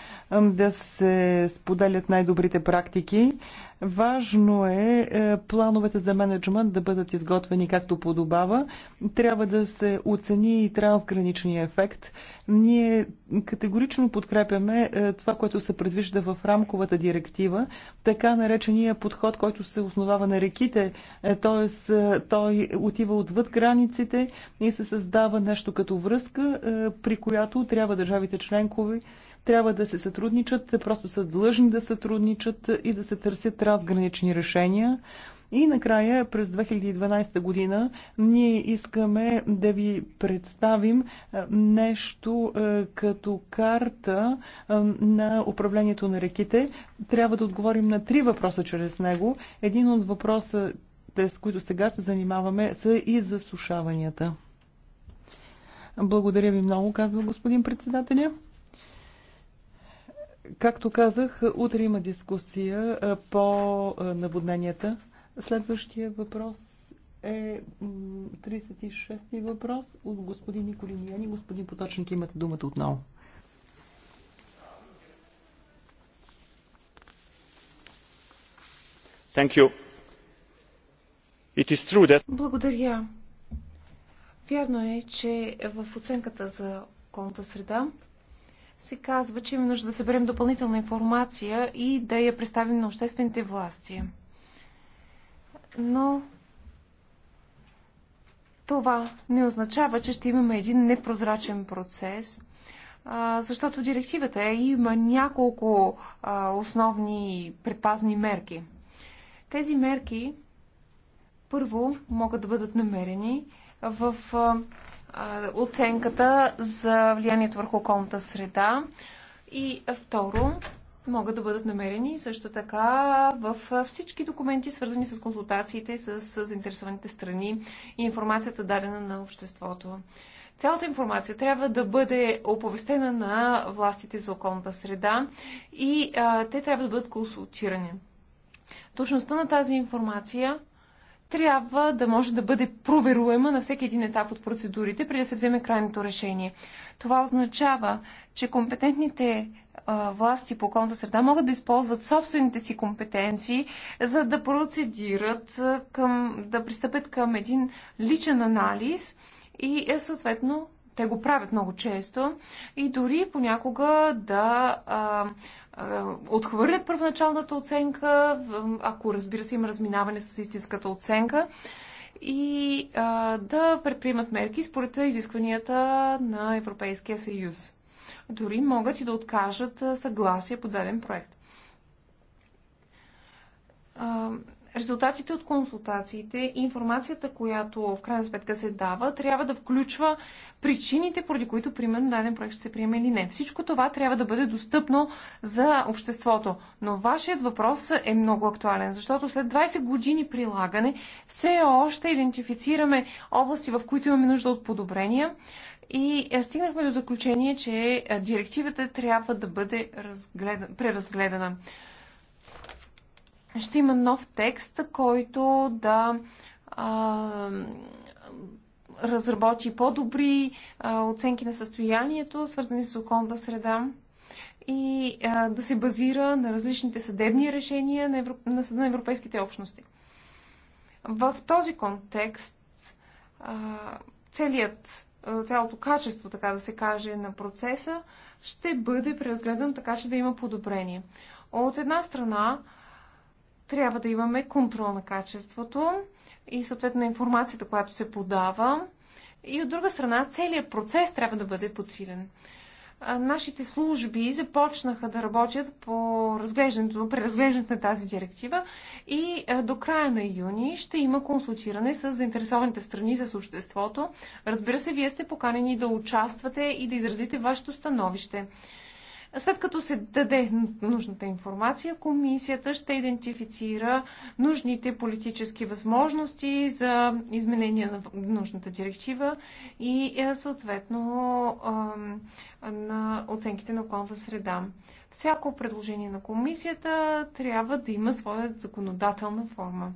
да се споделят най-добрите практики. Важно е, е плановете за менеджмент да бъдат изготвени както подобава. Трябва да се оцени и трансграничния ефект. Ние категорично подкрепяме е, това, което се предвижда в рамковата директива, така наречения подход, който се основава на реките, т.е. Е, той отива отвъд границите и се създава нещо като връзка, при която трябва държавите членкови трябва да се сътрудничат, просто са длъжни да сътрудничат и да се търсят разгранични решения. И накрая, през 2012 година, ние искаме да ви представим е, нещо е, като карта е, на управлението на реките. Трябва да отговорим на три въпроса чрез него. Един от въпроса, с които сега се занимаваме, са и засушаванията. Благодаря ви много, казва господин председателя. Както казах, утре има дискусия по наводненията. Следващия въпрос е 36-ти въпрос от господин Яни. Господин Поточник, имате думата отново. That... Благодаря. Вярно е, че в оценката за околната среда се казва, че има нужда да съберем допълнителна информация и да я представим на обществените власти. Но това не означава, че ще имаме един непрозрачен процес, защото директивата има няколко основни предпазни мерки. Тези мерки първо могат да бъдат намерени в оценката за влиянието върху околната среда. И второ, могат да бъдат намерени също така в всички документи, свързани с консултациите с заинтересованите страни и информацията дадена на обществото. Цялата информация трябва да бъде оповестена на властите за околната среда и а, те трябва да бъдат консултирани. Точността на тази информация трябва да може да бъде проверуема на всеки един етап от процедурите, преди да се вземе крайното решение. Това означава, че компетентните власти по околната среда могат да използват собствените си компетенции, за да процедират, към, да пристъпят към един личен анализ и е, съответно те го правят много често и дори понякога да а, отхвърлят първоначалната оценка, ако разбира се има разминаване с истинската оценка и а, да предприемат мерки според изискванията на Европейския съюз. Дори могат и да откажат съгласие по даден проект резултатите от консултациите и информацията, която в крайна сметка се дава, трябва да включва причините, поради които, примерно, даден проект ще се приеме или не. Всичко това трябва да бъде достъпно за обществото. Но вашият въпрос е много актуален, защото след 20 години прилагане все още идентифицираме области, в които имаме нужда от подобрения. И е, стигнахме до заключение, че е, директивата трябва да бъде преразгледана ще има нов текст, който да а, разработи по-добри оценки на състоянието, свързани с околната среда и а, да се базира на различните съдебни решения на, Европ... на Съда на Европейските общности. В този контекст а, целият, цялото качество, така да се каже, на процеса ще бъде преразгледан така, че да има подобрение. От една страна, трябва да имаме контрол на качеството и съответно на информацията, която се подава. И от друга страна, целият процес трябва да бъде подсилен. Нашите служби започнаха да работят по разглеждането, преразглеждането на тази директива и до края на юни ще има консултиране с заинтересованите страни, за съществото. Разбира се, вие сте поканени да участвате и да изразите вашето становище. След като се даде нужната информация, комисията ще идентифицира нужните политически възможности за изменение на нужната директива и е, съответно на оценките на околната среда всяко предложение на комисията трябва да има своя законодателна форма.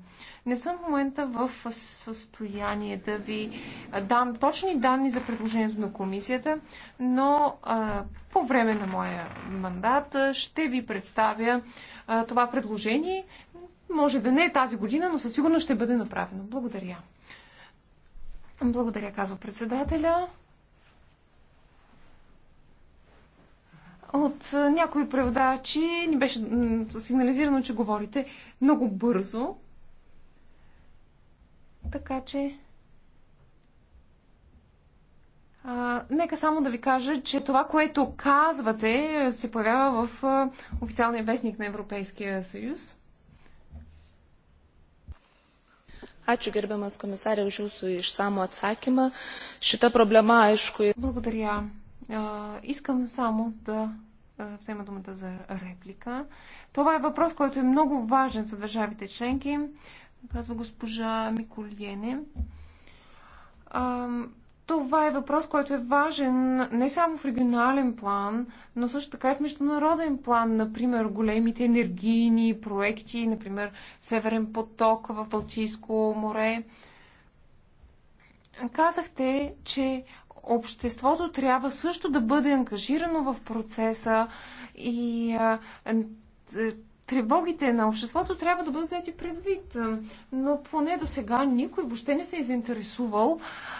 Не съм в момента в състояние да ви дам точни данни за предложението на комисията, но а, по време на моя мандат ще ви представя а, това предложение. Може да не е тази година, но със сигурност ще бъде направено. Благодаря. Благодаря, казва председателя. От е, някои преводачи ни беше сигнализирано, че говорите много бързо. Така че... А, нека само да ви кажа, че това, което казвате, се появява в е, официалния вестник на Европейския съюз. Ačiū gerbiamas komisarė už jūsų išsamų atsakymą. Šita problema, aišku. Благодаря, а, искам само да взема думата за реплика. Това е въпрос, който е много важен за държавите членки, казва госпожа Миколиене. Това е въпрос, който е важен не само в регионален план, но също така и в международен план. Например, големите енергийни проекти, например Северен поток в Балтийско море. Казахте, че обществото трябва също да бъде ангажирано в процеса и е, тревогите на обществото трябва да бъдат взети предвид. Но поне до сега никой въобще не се е заинтересувал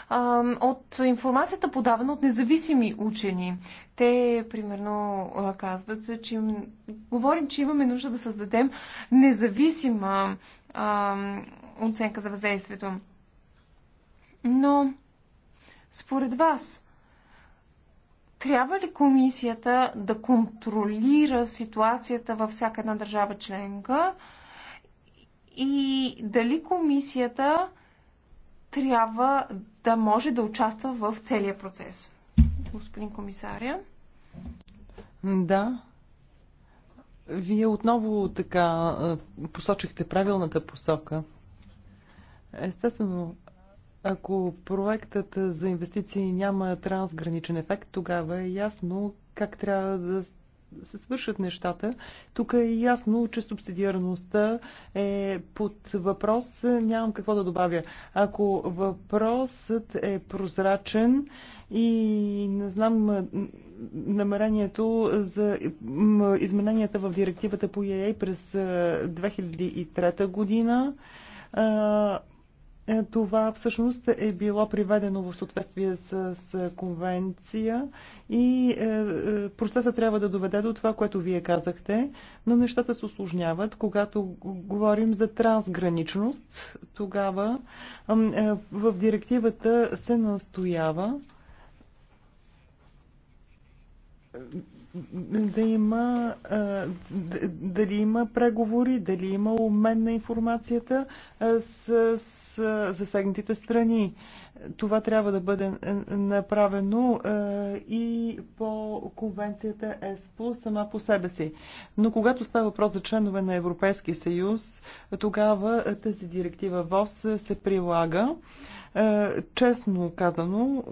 а, от информацията подавана от независими учени. Те, примерно, казват, че им... говорим, че имаме нужда да създадем независима а, оценка за въздействието. Но според вас, трябва ли комисията да контролира ситуацията във всяка една държава членка и дали комисията трябва да може да участва в целия процес? Господин комисаря. Да. Вие отново така посочихте правилната посока. Естествено, ако проектът за инвестиции няма трансграничен ефект, тогава е ясно как трябва да се свършат нещата. Тук е ясно, че субсидиарността е под въпрос. Нямам какво да добавя. Ако въпросът е прозрачен и не знам намерението за измененията в директивата по ЕА през 2003 година, е, това всъщност е било приведено в съответствие с, с конвенция и е, е, процесът трябва да доведе до това, което вие казахте, но нещата се осложняват. Когато говорим за трансграничност, тогава е, в директивата се настоява да има, дали има преговори, дали има обмен на информацията с, с засегнатите страни. Това трябва да бъде направено и по конвенцията ЕСПО сама по себе си. Но когато става въпрос за членове на Европейския съюз, тогава тази директива ВОЗ се прилага. Честно казано,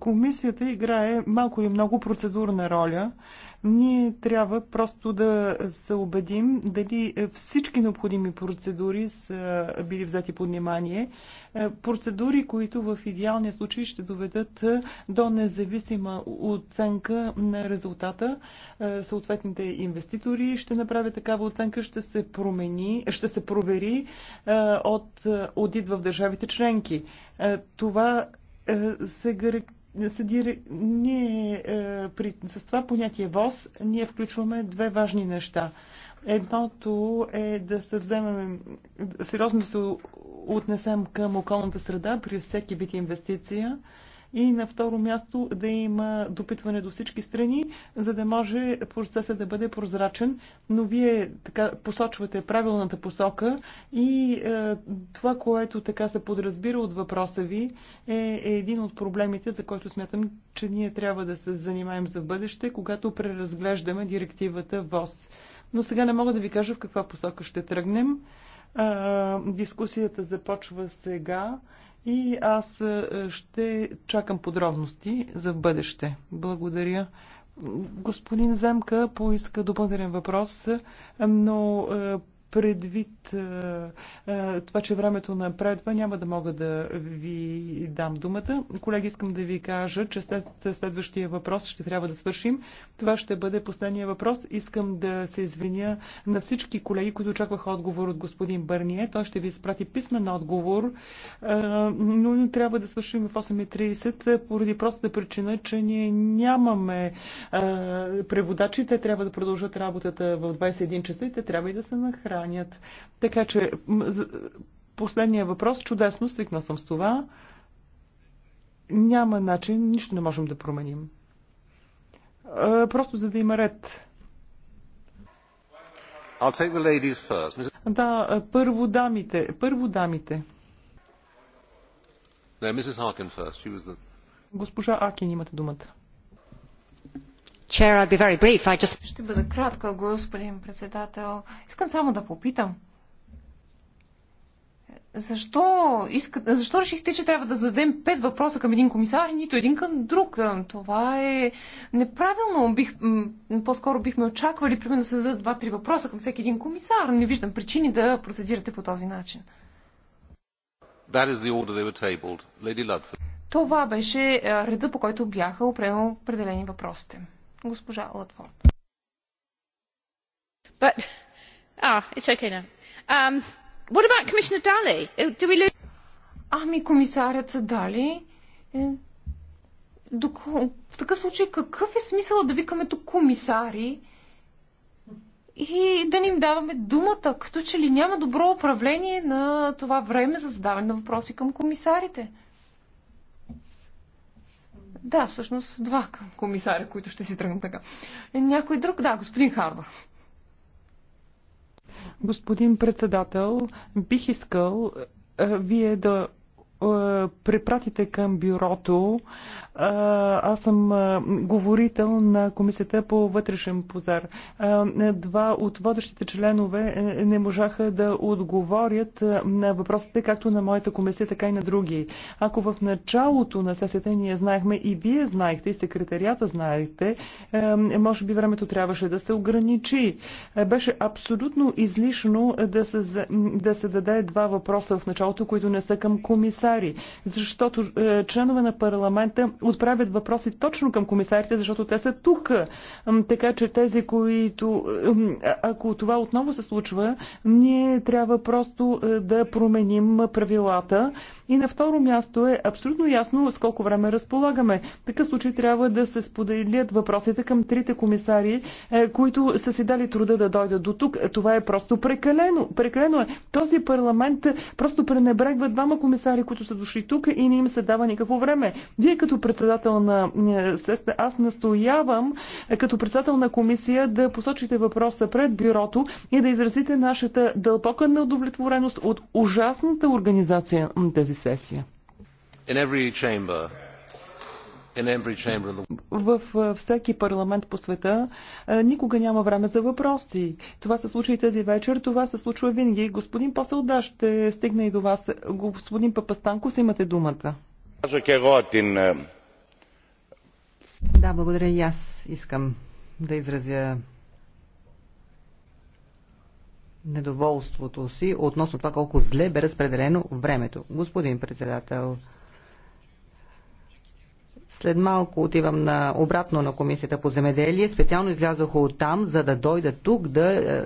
Комисията играе малко и много процедурна роля. Ние трябва просто да се убедим дали всички необходими процедури са били взети под внимание. Процедури, които в идеалния случай ще доведат до независима оценка на резултата. Съответните инвеститори ще направят такава оценка, ще се промени, ще се провери от одит в държавите членки. Това се гарантира ние е, при... с това понятие ВОЗ ние включваме две важни неща. Едното е да се вземем, сериозно да се отнесем към околната среда при всеки вид инвестиция. И на второ място да има допитване до всички страни, за да може процесът да бъде прозрачен. Но вие така посочвате правилната посока и е, това, което така се подразбира от въпроса ви, е, е един от проблемите, за който смятам, че ние трябва да се занимаем за бъдеще, когато преразглеждаме директивата ВОЗ. Но сега не мога да ви кажа в каква посока ще тръгнем. Е, дискусията започва сега и аз е, ще чакам подробности за бъдеще. Благодаря. Господин Земка поиска допълнителен въпрос, но е, предвид това, че времето напредва, няма да мога да ви дам думата. Колеги, искам да ви кажа, че след следващия въпрос ще трябва да свършим. Това ще бъде последния въпрос. Искам да се извиня на всички колеги, които очакваха отговор от господин Бърние. Той ще ви изпрати писмен отговор, но трябва да свършим в 8.30 поради простата причина, че ние нямаме преводачи. Те трябва да продължат работата в 21 часа и те трябва и да се нахранят хранят. Така че последния въпрос, чудесно, свикнал съм с това. Няма начин, нищо не можем да променим. Просто за да има ред. I'll take the ladies first. Да, първо дамите. Първо дамите. No, Mrs. Harkin first. She was the... Госпожа Акин, имате думата. Ще бъда кратка, господин председател. Искам само да попитам. Защо, иска, защо решихте, че трябва да зададем пет въпроса към един комисар и нито един към друг? Това е неправилно. Бих, по-скоро бихме очаквали, примерно, да се зададат два-три въпроса към всеки един комисар. Не виждам причини да процедирате по този начин. Това беше реда, по който бяха определени въпросите. Госпожа Латфорд. But, ah, it's okay now. Um, what about Commissioner Daly? Uh, do we lose... Ами комисарят са дали. Е, В такъв случай какъв е смисъл да викаме тук комисари и да ни им даваме думата, като че ли няма добро управление на това време за задаване на въпроси към комисарите? Да, всъщност два комисаря, които ще си тръгнат така. Е, някой друг? Да, господин Харбър. Господин председател, бих искал е, вие да е, препратите към бюрото аз съм говорител на Комисията по вътрешен пазар. Два от водещите членове е, не можаха да отговорят на въпросите както на моята комисия, така и на други. Ако в началото на сесията ние знаехме и вие знаехте, и секретарията знаете, е, може би времето трябваше да се ограничи. Е, беше абсолютно излишно да се, да се даде два въпроса в началото, които не са към комисари, защото членове на парламента отправят въпроси точно към комисарите, защото те са тук. Така че тези, които... Ако това отново се случва, ние трябва просто е, да променим правилата. И на второ място е абсолютно ясно с колко време разполагаме. В такъв случай трябва да се споделят въпросите към трите комисари, е, които са си дали труда да дойдат до тук. Това е просто прекалено. Прекалено е. Този парламент просто пренебрегва двама комисари, които са дошли тук и не им се дава никакво време. Вие като председател председател на е, СЕСТА, аз настоявам е, като председател на комисия да посочите въпроса пред бюрото и да изразите нашата дълбока неудовлетвореност от ужасната организация на тази сесия. В е, всеки парламент по света никога няма време за въпроси. Това се случва и тази вечер, това се случва винаги. Господин Поселда ще стигне и до вас. Господин Папастанко, имате думата. Кажа да, благодаря и аз искам да изразя недоволството си относно това колко зле бе разпределено времето. Господин председател, след малко отивам на, обратно на Комисията по земеделие. Специално излязох от там, за да дойда тук да е,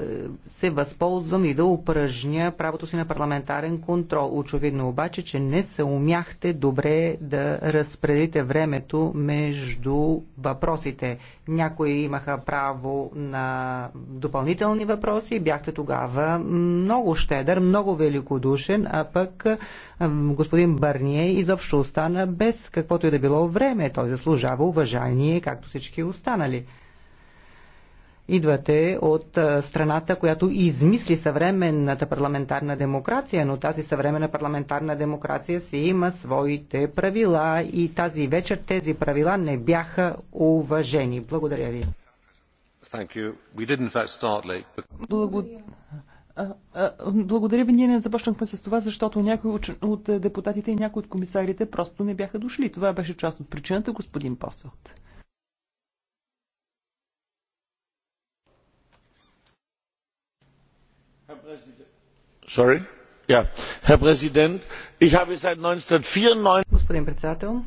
се възползвам и да упражня правото си на парламентарен контрол. Очевидно обаче, че не се умяхте добре да разпределите времето между въпросите. Някои имаха право на допълнителни въпроси. Бяхте тогава много щедър, много великодушен, а пък е, господин Барние изобщо остана без каквото и да било време време. Той заслужава уважение, както всички останали. Идвате от страната, която измисли съвременната парламентарна демокрация, но тази съвременна парламентарна демокрация си има своите правила и тази вечер тези правила не бяха уважени. Благодаря ви. Благодаря. Благодаря ви, ние не започнахме с това, защото някои от депутатите и някои от комисарите просто не бяха дошли. Това беше част от причината, господин Посълт. Господин председател,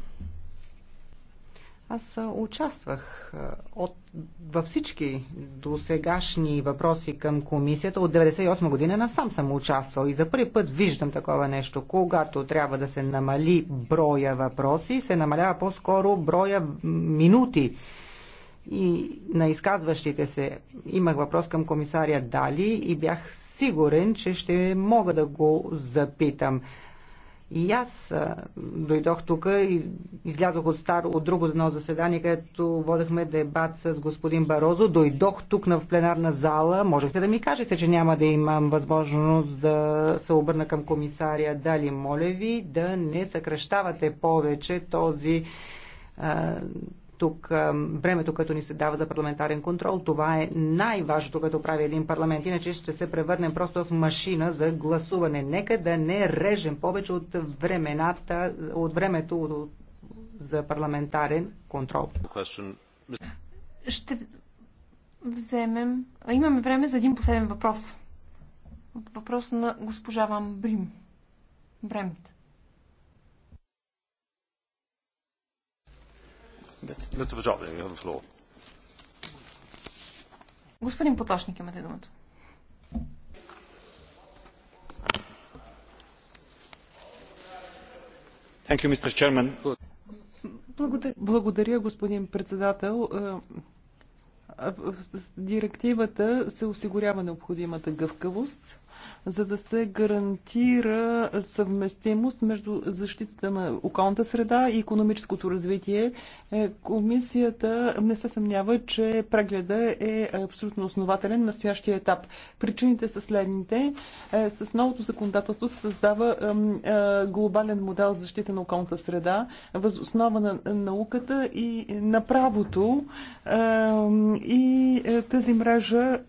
аз участвах от, във всички досегашни въпроси към комисията. От 1998 година насам съм участвал и за първи път виждам такова нещо. Когато трябва да се намали броя въпроси, се намалява по-скоро броя минути и на изказващите се. Имах въпрос към комисаря Дали и бях сигурен, че ще мога да го запитам. И аз дойдох тук и излязох от старо, от друго едно заседание, където водехме дебат с господин Барозо. Дойдох тук в пленарна зала. Можехте да ми кажете, че няма да имам възможност да се обърна към комисария. Дали, моля ви, да не съкръщавате повече този тук времето, като ни се дава за парламентарен контрол. Това е най-важното, като прави един парламент. Иначе ще се превърнем просто в машина за гласуване. Нека да не режем повече от времената, от времето за парламентарен контрол. Ще вземем... Имаме време за един последен въпрос. Въпрос на госпожа Ван Брим. Бремите. Mr. you have the floor. Господин Поточник, имате думата. Thank you, Mr. Chairman. Благодаря, благодаря, господин председател. Е, с директивата се осигурява необходимата гъвкавост за да се гарантира съвместимост между защитата на околната среда и економическото развитие. Е, комисията не се съмнява, че прегледа е абсолютно основателен на настоящия етап. Причините са следните. Е, с новото законодателство се създава е, глобален модел за защита на околната среда, възоснова на науката и на правото. И тази мрежа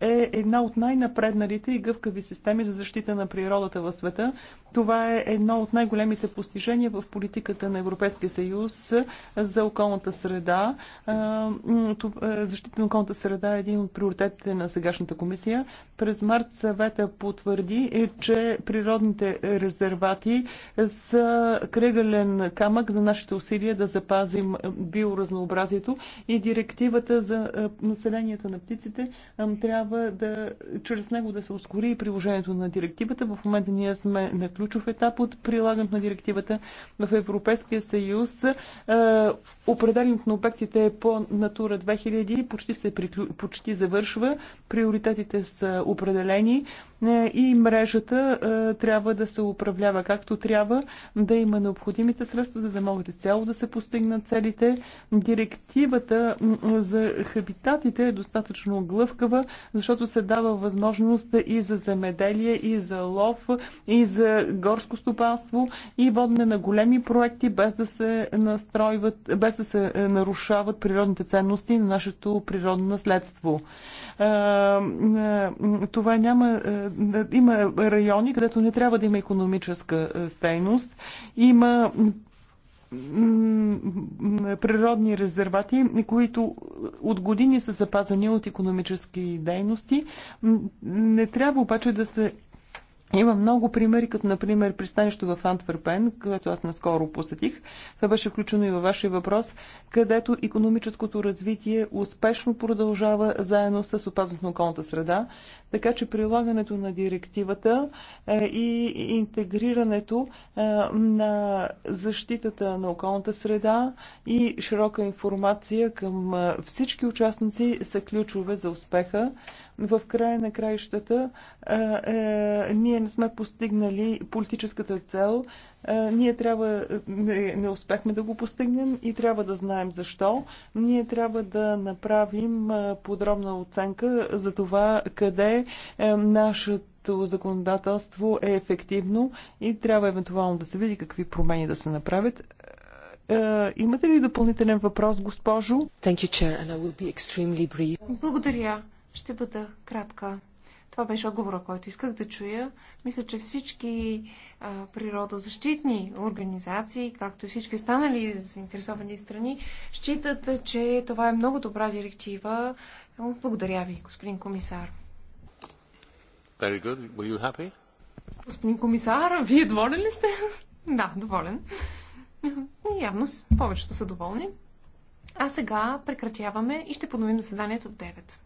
е една от най-напредналите и гъвкави системи за защита на природата в света. Това е едно от най-големите постижения в политиката на Европейския съюз за околната среда. Защита на околната среда е един от приоритетите на сегашната комисия. През март съвета потвърди, е, че природните резервати са кръгален камък за нашите усилия да запазим биоразнообразието и директивата за населенията на птиците трябва трябва да, чрез него да се ускори приложението на директивата. В момента ние сме на ключов етап от прилагането на директивата в Европейския съюз. Е, определенето на обектите е по Натура 2000 почти, се приклю... почти завършва. Приоритетите са определени. Е, и мрежата е, трябва да се управлява както трябва, да има необходимите средства, за да могат изцяло да се постигнат целите. Директивата за хабитатите е достатъчно глъвкава, защото се дава възможност и за земеделие, и за лов, и за горско стопанство, и водне на големи проекти, без да се настройват, без да се е, нарушават природните ценности на нашето природно наследство. Това няма има райони, където не трябва да има економическа е, стейност. Има природни резервати, които от години са запазени от економически дейности. Не трябва обаче да се има много примери, като например пристанището в Антверпен, което аз наскоро посетих. Това беше включено и във вашия въпрос, където економическото развитие успешно продължава заедно с опазването на околната среда. Така че прилагането на директивата е, и интегрирането е, на защитата на околната среда и широка информация към е, всички участници са ключове за успеха в края на краищата е, е, ние не сме постигнали политическата цел. ние трябва, не, не успяхме да го постигнем и трябва да знаем защо. Ние трябва да направим подробна оценка за това къде е, нашето законодателство е ефективно и трябва евентуално да се види какви промени да се направят е, имате ли допълнителен въпрос, госпожо? You, Chair, Благодаря. Ще бъда кратка. Това беше отговора, който исках да чуя. Мисля, че всички а, природозащитни организации, както и всички останали заинтересовани страни, считат, че това е много добра директива. Благодаря ви, господин комисар. Very good. Were you happy? Господин комисар, вие доволен ли сте? да, доволен. Явно повечето са доволни. А сега прекратяваме и ще подновим заседанието в 9.